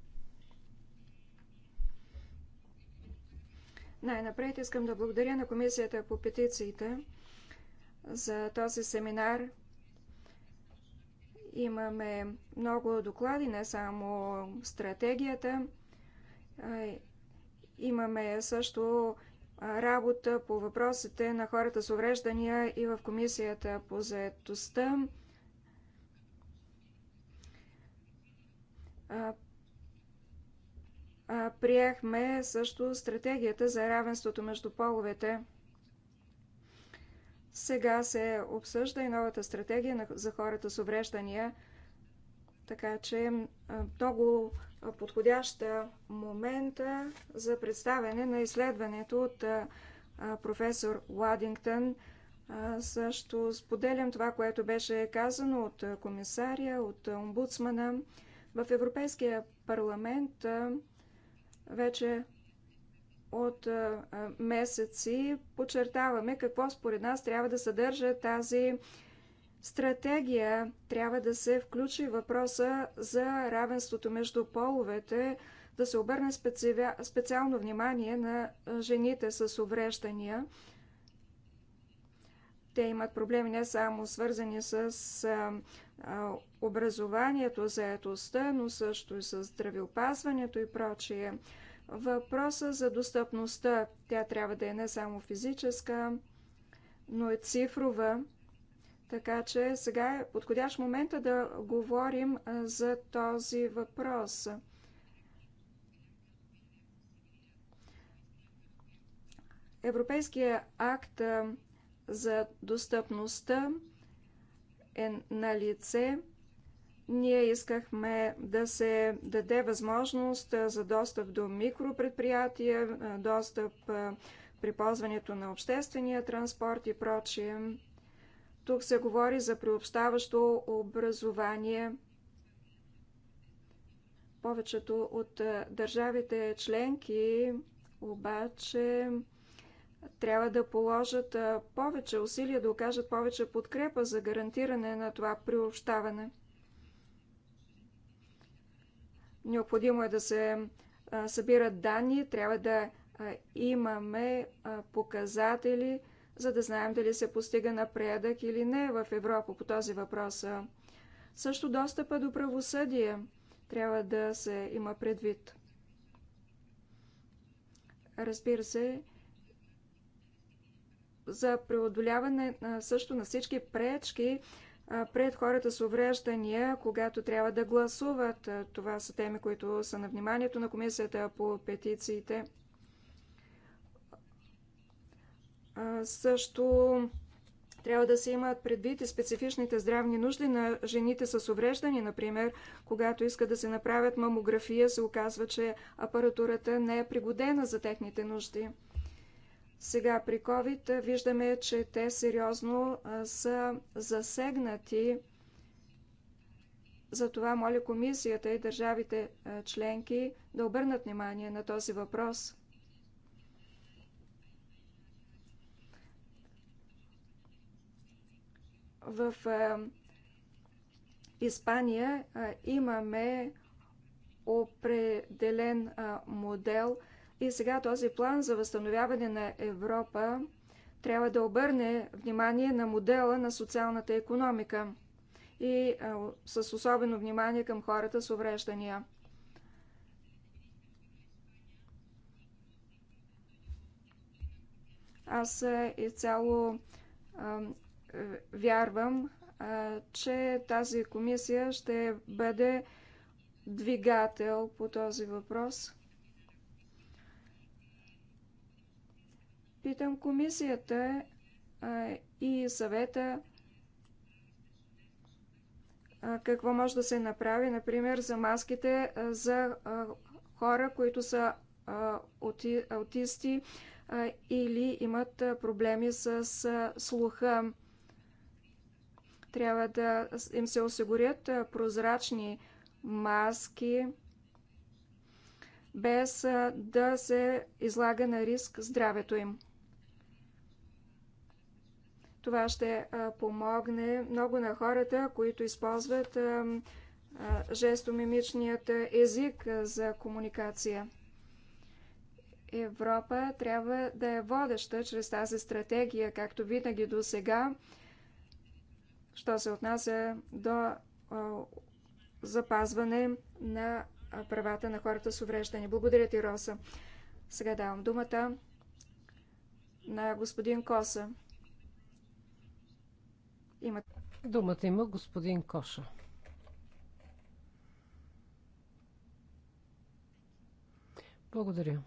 Най-напред искам да благодаря на Комисията по петициите за този семинар – Имаме много доклади, не само стратегията. Имаме също работа по въпросите на хората с увреждания и в Комисията по заедостта. Приехме също стратегията за равенството между половете – сега се обсъжда и новата стратегия за хората с увреждания, така че е много подходяща момента за представяне на изследването от професор Ладингтън. Също споделям това, което беше казано от комисаря, от омбудсмана. В Европейския парламент вече от месеци подчертаваме какво според нас трябва да съдържа тази стратегия. Трябва да се включи въпроса за равенството между половете, да се обърне специално внимание на жените с увреждания. Те имат проблеми не само свързани с образованието, заетостта, но също и с здравеопазването и прочие. Въпроса за достъпността, тя трябва да е не само физическа, но е цифрова. Така че сега е подходящ момента е да говорим за този въпрос. Европейския акт за достъпността е на лице – ние искахме да се даде възможност за достъп до микропредприятия, достъп при ползването на обществения транспорт и прочие. Тук се говори за приобщаващо образование. Повечето от държавите членки обаче трябва да положат повече усилия, да окажат повече подкрепа за гарантиране на това приобщаване – Необходимо е да се събират данни, трябва да имаме показатели, за да знаем дали се постига напредък или не в Европа по този въпрос. Също достъпа до правосъдие трябва да се има предвид. Разбира се, за преодоляване също на всички пречки пред хората с увреждания, когато трябва да гласуват. Това са теми, които са на вниманието на комисията по петициите. Също трябва да се имат предвид и специфичните здравни нужди на жените с увреждани. например, когато искат да се направят мамография, се оказва, че апаратурата не е пригодена за техните нужди. Сега при COVID виждаме, че те сериозно са засегнати. Затова моля комисията и държавите членки да обърнат внимание на този въпрос. В Испания имаме определен модел – и сега този план за възстановяване на Европа трябва да обърне внимание на модела на социалната економика и а, с особено внимание към хората с увреждания. Аз изцяло вярвам, а, че тази комисия ще бъде двигател по този въпрос. Питам комисията и съвета какво може да се направи, например, за маските за хора, които са аутисти или имат проблеми с слуха. Трябва да им се осигурят прозрачни маски, без да се излага на риск здравето им. Това ще помогне много на хората, които използват жестомимичният език за комуникация. Европа трябва да е водеща чрез тази стратегия, както винаги до сега, що се отнася до запазване на правата на хората с увреждане. Благодаря ти, Роса. Сега давам думата на господин Коса имат... Думата има господин Коша. Благодаря.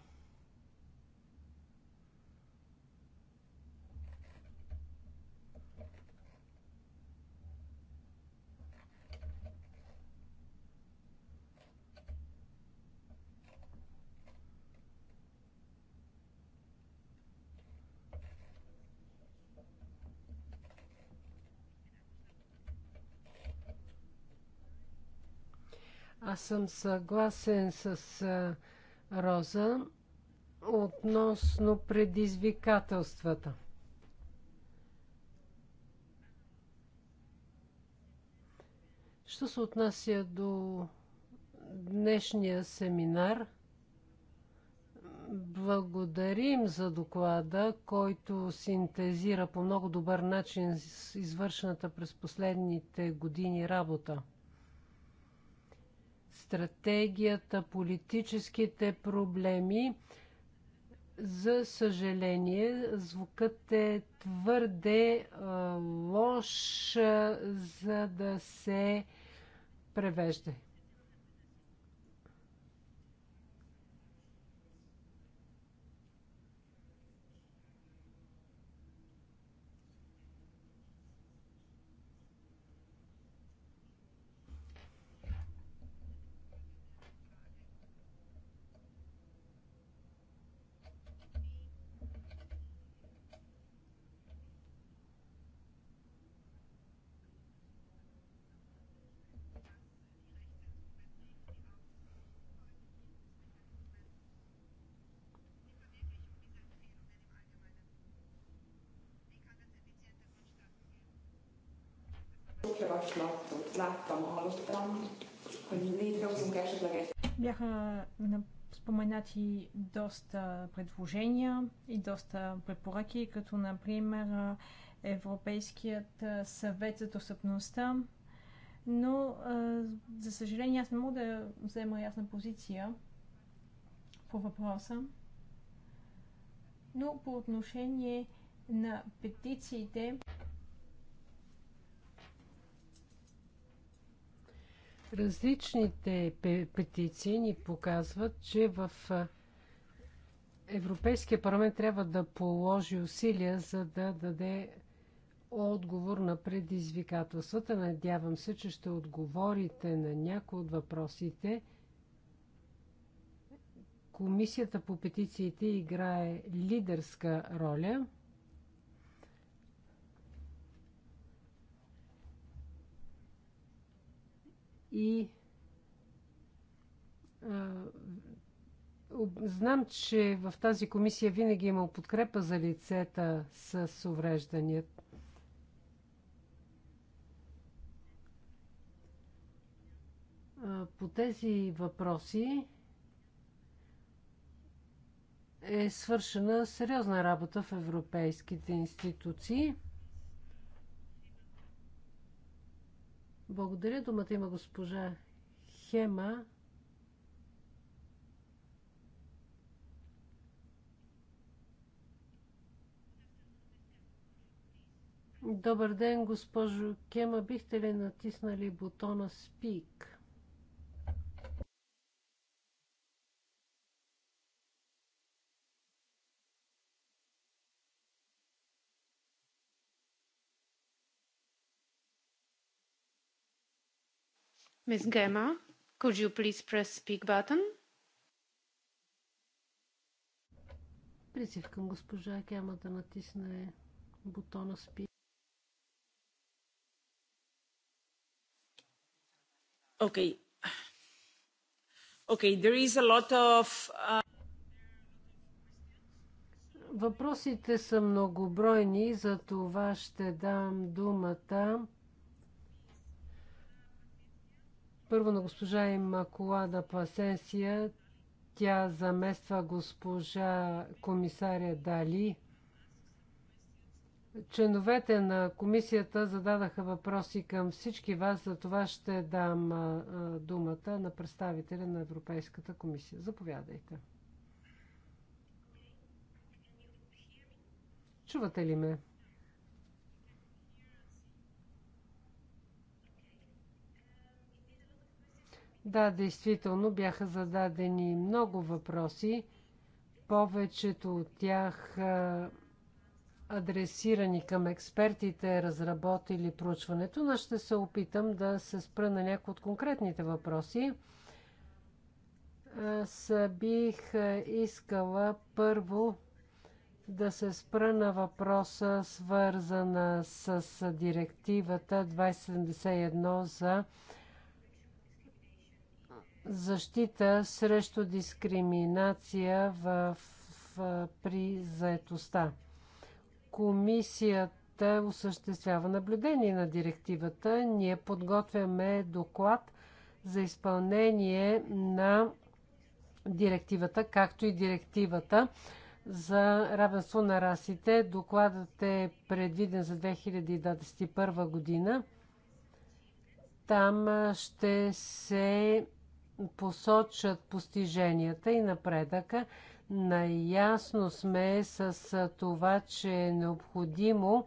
Аз съм съгласен с Роза относно предизвикателствата. Що се отнася до днешния семинар, благодарим за доклада, който синтезира по много добър начин извършената през последните години работа стратегията, политическите проблеми. За съжаление, звукът е твърде а, лош, за да се превежда. Бяха споменати доста предложения и доста препоръки, като например Европейският съвет за достъпността, но за съжаление аз не мога да взема ясна позиция по въпроса. Но по отношение на петициите, Различните петиции ни показват, че в Европейския парламент трябва да положи усилия, за да даде отговор на предизвикателствата. Надявам се, че ще отговорите на някои от въпросите. Комисията по петициите играе лидерска роля. и Знам, че в тази комисия винаги е имал подкрепа за лицета с увреждания. По тези въпроси е свършена сериозна работа в европейските институции. Благодаря. Думата има госпожа Хема. Добър ден, госпожо Кема. Бихте ли натиснали бутона Speak? Ms. Gemma, could you please press speak button? Призив към госпожа Гема да натисне бутона Speak. Okay. Okay, there is a lot of... Uh... Въпросите са многобройни, за това ще дам думата Първо на госпожа Имакулада Пасенсия. Тя замества госпожа комисаря Дали. Членовете на комисията зададаха въпроси към всички вас, за това ще дам думата на представителя на Европейската комисия. Заповядайте. Чувате ли ме? Да, действително бяха зададени много въпроси. Повечето от тях адресирани към експертите, разработили проучването, но ще се опитам да се спра на някои от конкретните въпроси. Аз бих искала първо да се спра на въпроса, свързана с директивата 2071 за защита срещу дискриминация в, в, при заетостта. Комисията осъществява наблюдение на директивата. Ние подготвяме доклад за изпълнение на директивата, както и директивата за равенство на расите. Докладът е предвиден за 2021 година. Там ще се посочат постиженията и напредъка. Наясно сме с това, че е необходимо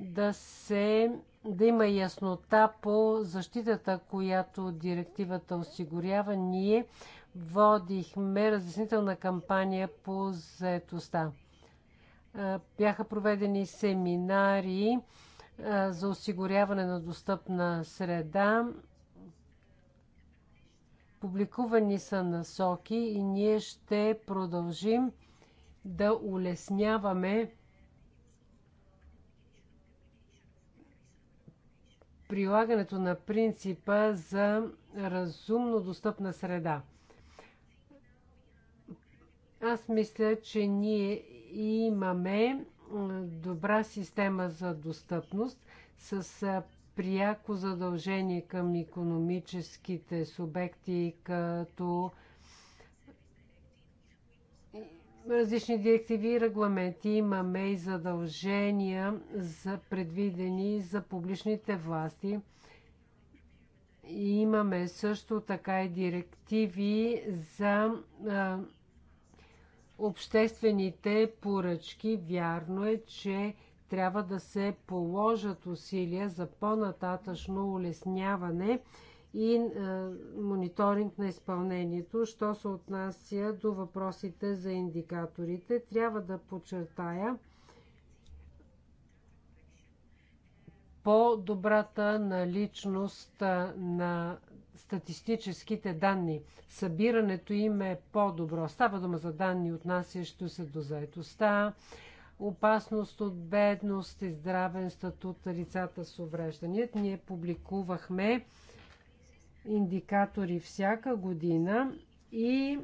да, се, да има яснота по защитата, която директивата осигурява. Ние водихме разяснителна кампания по заетостта. Бяха проведени семинари за осигуряване на достъпна среда Публикувани са насоки и ние ще продължим да улесняваме прилагането на принципа за разумно достъпна среда. Аз мисля, че ние имаме добра система за достъпност с пряко задължение към економическите субекти, като различни директиви и регламенти. Имаме и задължения за предвидени за публичните власти. И имаме също така и директиви за а, обществените поръчки. Вярно е, че трябва да се положат усилия за по-нататъчно улесняване и е, мониторинг на изпълнението. Що се отнася до въпросите за индикаторите, трябва да подчертая по-добрата наличност е, на статистическите данни. Събирането им е по-добро. Става дума за данни, отнасящо се до заетостта, опасност от бедност и здравен статут на лицата с увреждания. Ние публикувахме индикатори всяка година и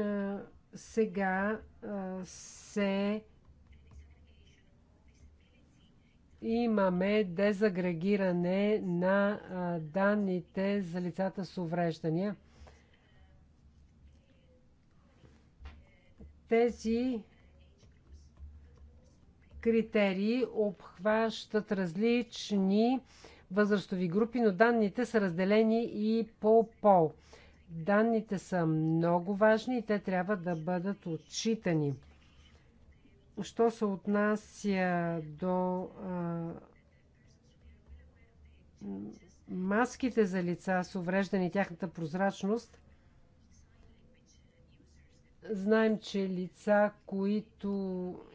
а, сега а, се имаме дезагрегиране на а, данните за лицата с увреждания. Тези критерии обхващат различни възрастови групи, но данните са разделени и по пол. Данните са много важни и те трябва да бъдат отчитани. Що се отнася до а, маските за лица с увреждане и тяхната прозрачност, Знаем, че лица, които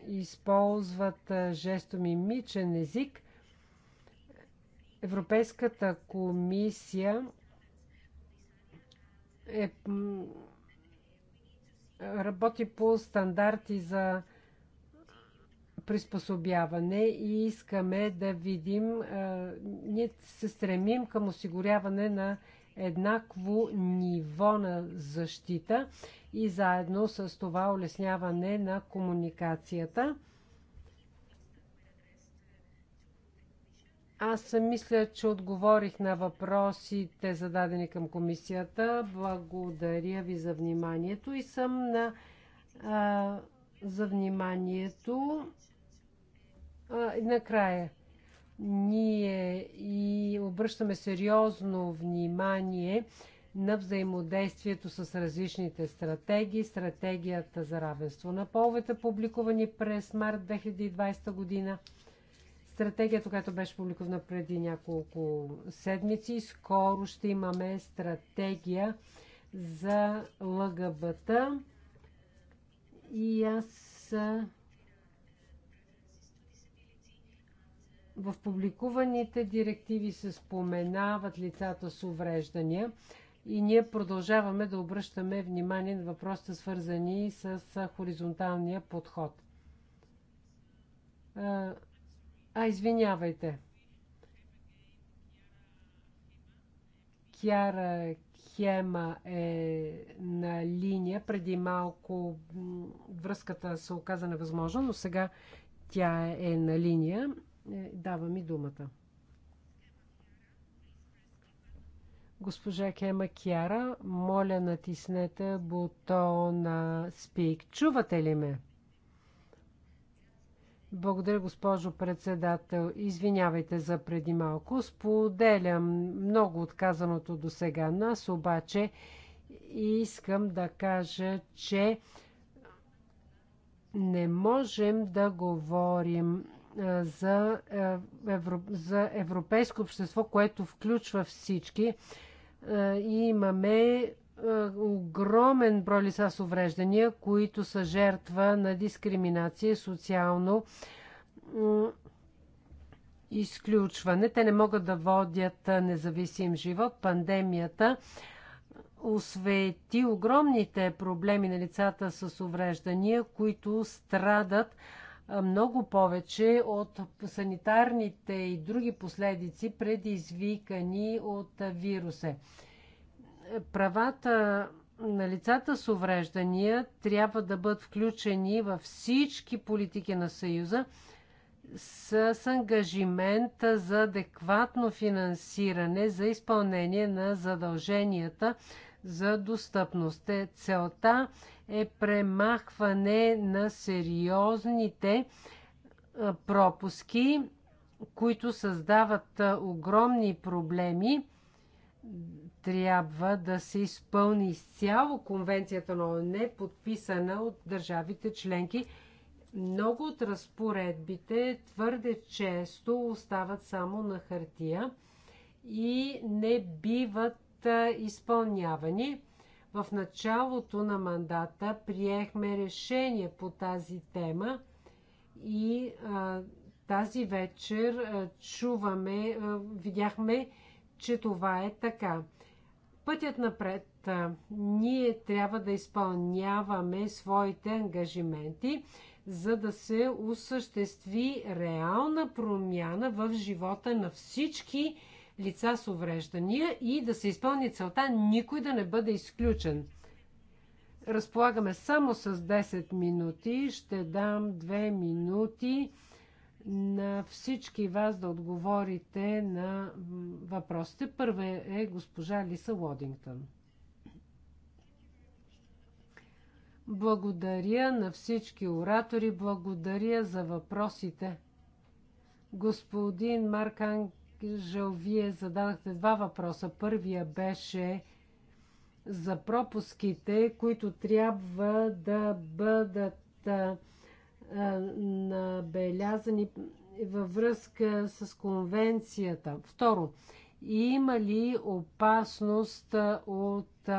използват жестомимичен език, Европейската комисия е, работи по стандарти за приспособяване и искаме да видим, ние се стремим към осигуряване на еднакво ниво на защита и заедно с това улесняване на комуникацията. Аз мисля, че отговорих на въпросите, зададени към комисията. Благодаря ви за вниманието и съм на а, за вниманието. А, и накрая ние и обръщаме сериозно внимание на взаимодействието с различните стратегии. Стратегията за равенство на половете, публикувани през март 2020 година. Стратегията, която беше публикувана преди няколко седмици, скоро ще имаме стратегия за ЛГБТ. И аз В публикуваните директиви се споменават лицата с увреждания и ние продължаваме да обръщаме внимание на въпросите, свързани с хоризонталния подход. А, извинявайте. Кяра Хема е на линия. Преди малко връзката се оказа невъзможна, но сега тя е на линия. Е, Дава ми думата. Госпожа Кема Кяра, моля натиснете бутона Speak. Чувате ли ме? Благодаря, госпожо председател. Извинявайте за преди малко. Споделям много отказаното до сега нас, обаче искам да кажа, че не можем да говорим за, евро, за европейско общество, което включва всички. И имаме огромен брой лица с увреждания, които са жертва на дискриминация и социално изключване. Те не могат да водят независим живот. Пандемията освети огромните проблеми на лицата с увреждания, които страдат много повече от санитарните и други последици, предизвикани от вируса. Правата на лицата с увреждания трябва да бъдат включени във всички политики на Съюза с ангажимента за адекватно финансиране за изпълнение на задълженията за достъпност. Целта е премахване на сериозните пропуски, които създават огромни проблеми. Трябва да се изпълни изцяло конвенцията на ОНЕ, подписана от държавите членки. Много от разпоредбите твърде често остават само на хартия и не биват изпълнявани. В началото на мандата приехме решение по тази тема и а, тази вечер а, чуваме, а, видяхме, че това е така. Пътят напред. А, ние трябва да изпълняваме своите ангажименти, за да се осъществи реална промяна в живота на всички лица с увреждания и да се изпълни целта никой да не бъде изключен. Разполагаме само с 10 минути. Ще дам 2 минути на всички вас да отговорите на въпросите. Първа е госпожа Лиса Лодингтън. Благодаря на всички оратори, благодаря за въпросите. Господин Марк Жал, вие зададахте два въпроса. Първия беше за пропуските, които трябва да бъдат набелязани във връзка с конвенцията. Второ, има ли опасност от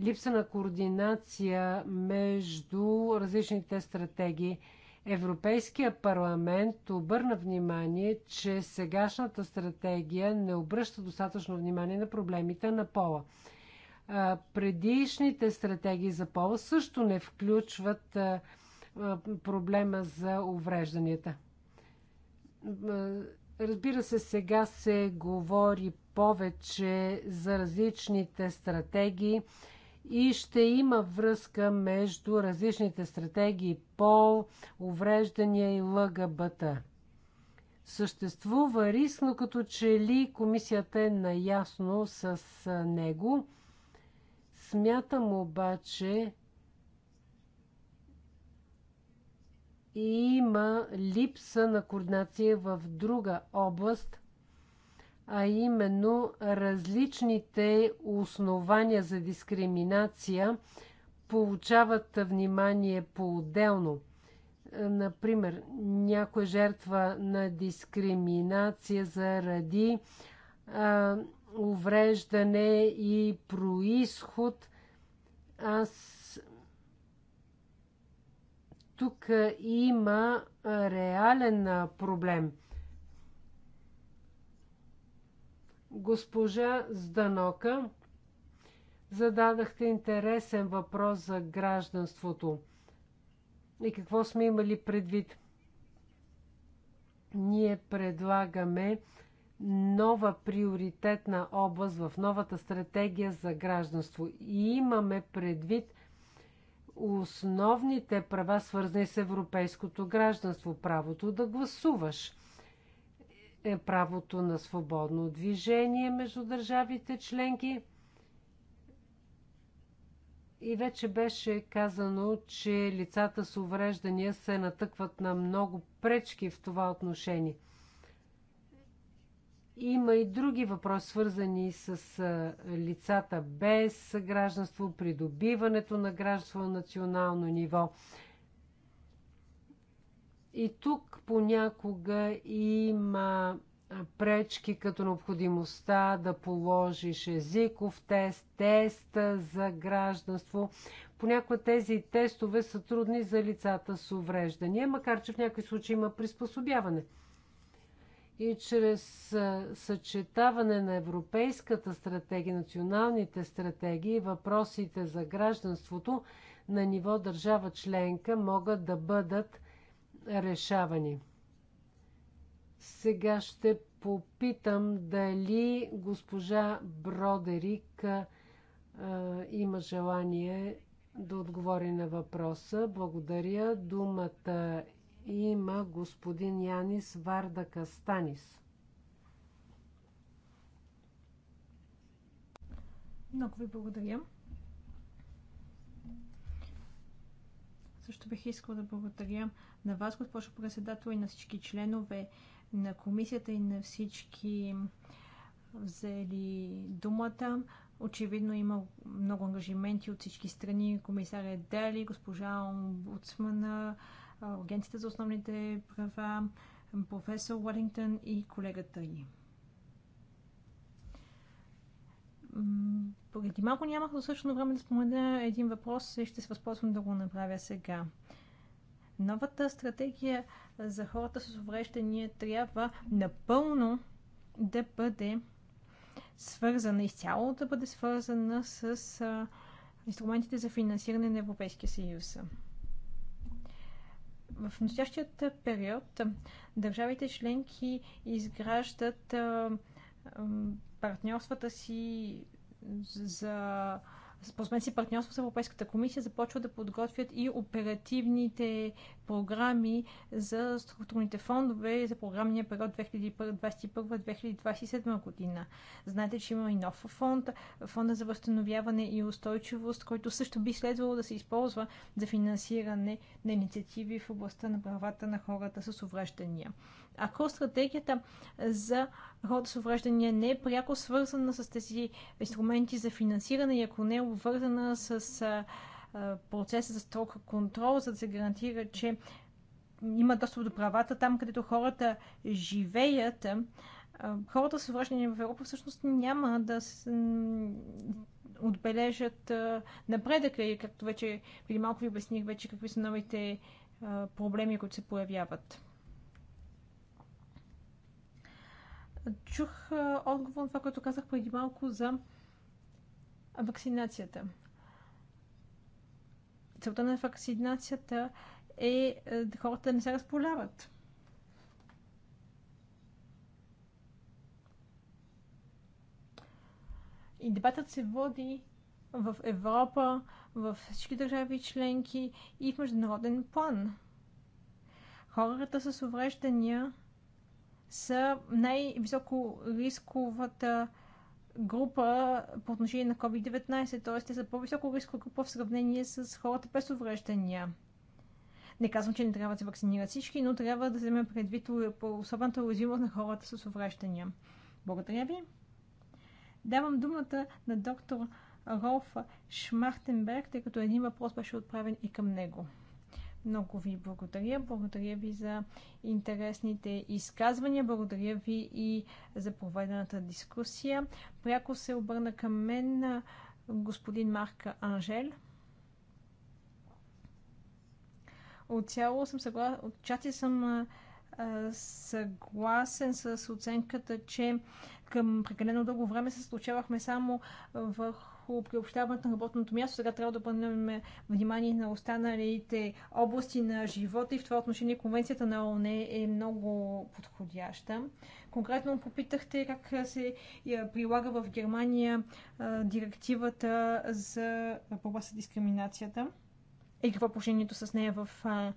липса на координация между различните стратегии? Европейския парламент обърна внимание, че сегашната стратегия не обръща достатъчно внимание на проблемите на пола. Предишните стратегии за пола също не включват проблема за уврежданията. Разбира се, сега се говори повече за различните стратегии, и ще има връзка между различните стратегии пол, увреждания и ЛГБТ. Съществува риск, но като че ли комисията е наясно с него. Смятам обаче, има липса на координация в друга област – а именно различните основания за дискриминация получават внимание по-отделно. Например, някоя жертва на дискриминация заради а, увреждане и происход. Аз тук има реален проблем – Госпожа Зданока, зададахте интересен въпрос за гражданството. И какво сме имали предвид? Ние предлагаме нова приоритетна област в новата стратегия за гражданство. И имаме предвид основните права, свързани с европейското гражданство, правото да гласуваш, е правото на свободно движение между държавите членки. И вече беше казано, че лицата с увреждания се натъкват на много пречки в това отношение. Има и други въпроси, свързани с лицата без гражданство, придобиването на гражданство на национално ниво – и тук понякога има пречки, като необходимостта да положиш езиков тест, теста за гражданство. Понякога тези тестове са трудни за лицата с увреждания, макар че в някои случаи има приспособяване. И чрез съчетаване на Европейската стратегия, националните стратегии, въпросите за гражданството на ниво държава членка могат да бъдат решавани. Сега ще попитам дали госпожа Бродерик а, има желание да отговори на въпроса. Благодаря. Думата има господин Янис Варда Кастанис. Много ви благодаря. Също бих искал да благодаря на вас, госпожо председател, и на всички членове на комисията и на всички взели думата. Очевидно има много ангажименти от всички страни. Комисаря Дели, госпожа Омбудсмана, Агенцията за основните права, професор Уалингтън и колегата й. Преди малко нямах достатъчно време да спомена един въпрос и ще се възползвам да го направя сега. Новата стратегия за хората с увреждания трябва напълно да бъде свързана, изцяло да бъде свързана с инструментите за финансиране на Европейския съюз. В настоящият период държавите членки изграждат партньорствата си за споразумение си партньорство с Европейската комисия започва да подготвят и оперативните програми за структурните фондове за програмния период 2021-2027 година. Знаете, че има и нов фонд, фонда за възстановяване и устойчивост, който също би следвало да се използва за финансиране на инициативи в областта на правата на хората с увреждания ако стратегията за хората с увреждания не е пряко свързана с тези инструменти за финансиране и ако не е обвързана с процеса за строг контрол, за да се гарантира, че има достъп до правата там, където хората живеят, хората с увреждания в Европа всъщност няма да отбележат напредъка и както вече преди малко ви обясних вече какви са новите проблеми, които се появяват. Чух отговор на това, което казах преди малко за вакцинацията. Целта на вакцинацията е, е да хората да не се разполяват. И дебатът се води в Европа, в всички държави членки и в международен план. Хората с увреждания са най-високо рисковата група по отношение на COVID-19, т.е. те са по-високо рискова група в сравнение с хората без увреждания. Не казвам, че не трябва да се вакцинират всички, но трябва да вземем предвид особената уязвимост на хората с увреждания. Благодаря ви. Давам думата на доктор Ролф Шмахтенберг, тъй като един въпрос беше отправен и към него. Много ви благодаря. Благодаря ви за интересните изказвания. Благодаря ви и за проведената дискусия. Пряко се обърна към мен господин Марка Анжел. От цяло съм съгласен, отчасти съм съгласен с оценката, че към прекалено дълго време се случавахме само върху върху приобщаването на работното място. Сега трябва да обърнем внимание на останалите области на живота и в това отношение конвенцията на ООН е много подходяща. Конкретно попитахте как се е, прилага в Германия е, директивата за борба с дискриминацията и какво е положението с нея в е,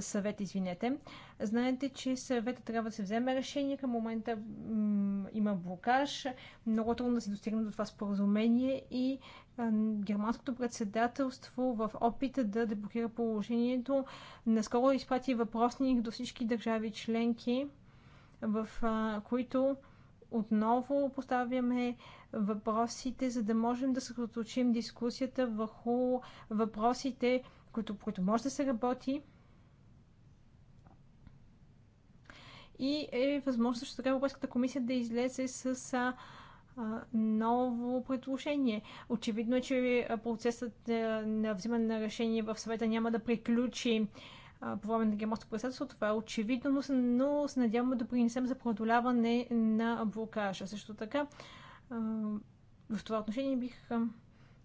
съвет, извинете. Знаете, че съвета трябва да се вземе решение. Към момента има блокаж. Много трудно да се достигне до това споразумение и германското председателство в опита да деблокира положението наскоро изпрати въпросник до всички държави членки, в които отново поставяме въпросите, за да можем да съсредоточим дискусията върху въпросите, които, които може да се работи и е възможно също така Европейската комисия да излезе с а, ново предложение. Очевидно е, че процесът на взимане на решение в съвета няма да приключи по време на германското председателство. Това е очевидно, но се надяваме да принесем за преодоляване на блокажа. Също така, в това отношение бих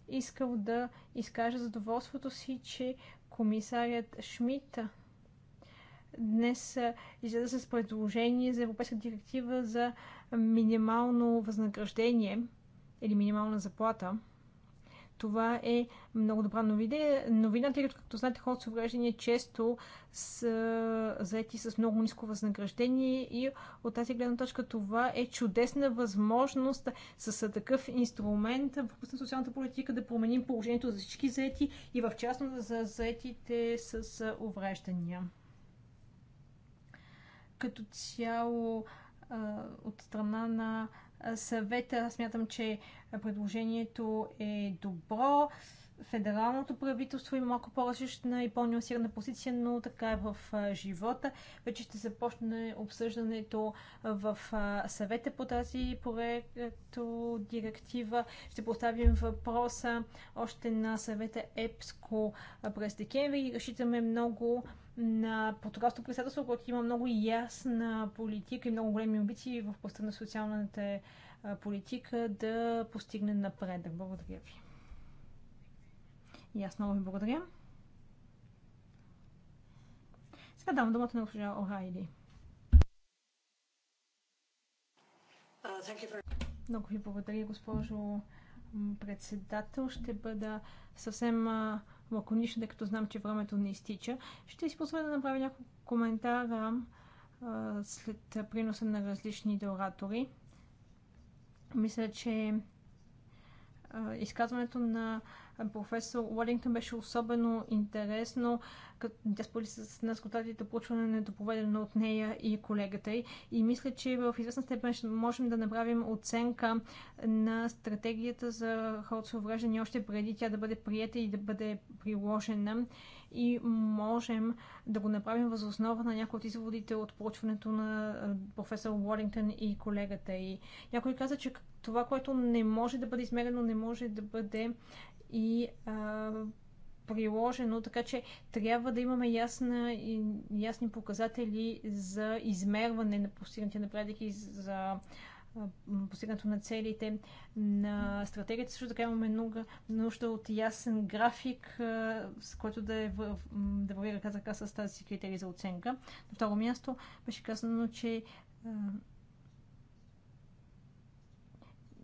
искал да изкажа задоволството си, че комисарят Шмидт днес излезе с предложение за Европейска директива за минимално възнаграждение или минимална заплата. Това е много добра новина, новина тъй като, както знаете, хората с увреждания често са заети с много ниско възнаграждение и от тази гледна точка това е чудесна възможност с такъв инструмент в областта на социалната политика да променим положението за всички заети и в частност за заетите с увреждания като цяло от страна на съвета. Смятам, че предложението е добро. Федералното правителство има малко по-различна и по-нюансирана позиция, но така е в живота. Вече ще започне обсъждането в съвета по тази проекто директива. Ще поставим въпроса още на съвета ЕПСКО през декември и разчитаме много на португалското председателство, което има много ясна политика и много големи амбиции в областта на социалната е, политика да постигне напредък. Благодаря ви. И аз много ви благодаря. Сега давам думата на госпожа Орайли. Uh, много ви благодаря, госпожо председател. Ще бъда съвсем лаконично, тъй като знам, че времето не изтича. Ще си позволя да направя няколко коментара след приноса на различните оратори. Мисля, че изказването на професор Уелингтон беше особено интересно като тя сподели с нас получване проучването, проведено от нея и колегата й. И мисля, че в известна степен ще можем да направим оценка на стратегията за хората с увреждания още преди тя да бъде приета и да бъде приложена и можем да го направим възоснова на някои от изводите от проучването на професор Уолингтън и колегата и Някой каза, че това, което не може да бъде измерено, не може да бъде и а, приложено, така че трябва да имаме ясна, и, ясни показатели за измерване на постигнатия напредък и за постигнато на целите на стратегията. Също така имаме много нужда от ясен график, с който да, е в, да върви ръка за ръка с тази критерии за оценка. На второ място беше казано, че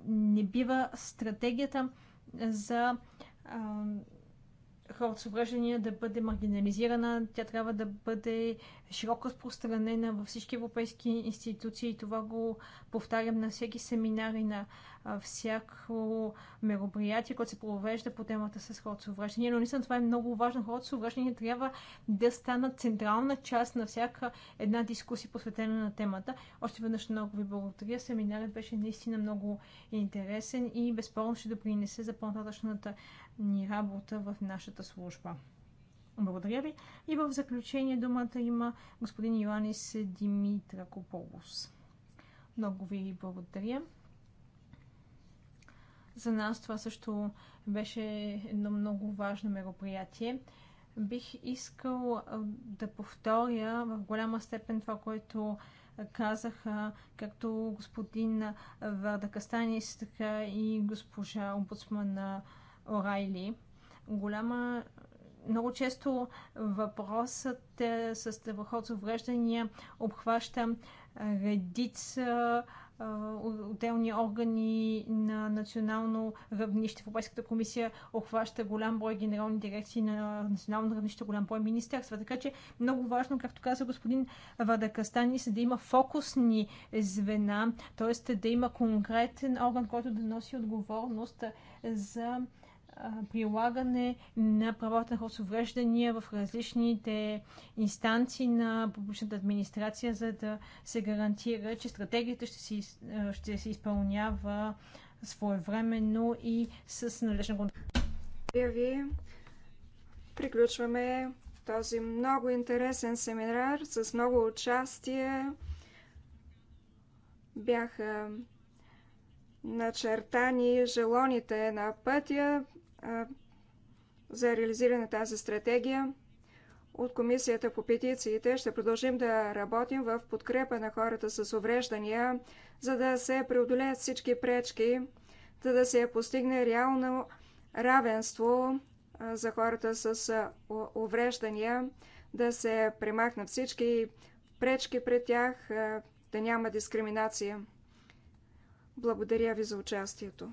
не бива стратегията за хората с увреждания да бъде маргинализирана, тя трябва да бъде широко разпространена във всички европейски институции и това го повтарям на всеки семинар и на всяко мероприятие, което се провежда по темата с хората с увреждания. Но наистина това е много важно. Хората с увреждания трябва да станат централна част на всяка една дискусия, посветена на темата. Още веднъж много ви благодаря. Семинарът беше наистина много интересен и безспорно ще допринесе за по-нататъчната ни работа в нашата служба. Благодаря ви. И в заключение думата има господин Йоанис Димитракополос. Много ви благодаря. За нас това също беше едно много важно мероприятие. Бих искал да повторя в голяма степен това, което казаха както господин Варда Кастанис, така и госпожа омбудсмана Орайли. Голяма много често въпросът е, с хора с увреждания обхваща е, редица е, отделни органи на национално равнище. Европейската комисия обхваща голям брой генерални дирекции на национално равнище, голям брой министерства. Така че много важно, както каза господин Вадакастанис, да има фокусни звена, т.е. да има конкретен орган, който да носи отговорност за прилагане на правата на хора с увреждания в различните инстанции на публичната администрация, за да се гарантира, че стратегията ще се, ще се изпълнява своевременно и с належна контрол. ви. Приключваме този много интересен семинар с много участие. Бяха начертани желоните на пътя, за реализиране на тази стратегия. От Комисията по петициите ще продължим да работим в подкрепа на хората с увреждания, за да се преодолеят всички пречки, за да се постигне реално равенство за хората с увреждания, да се премахнат всички пречки пред тях, да няма дискриминация. Благодаря ви за участието.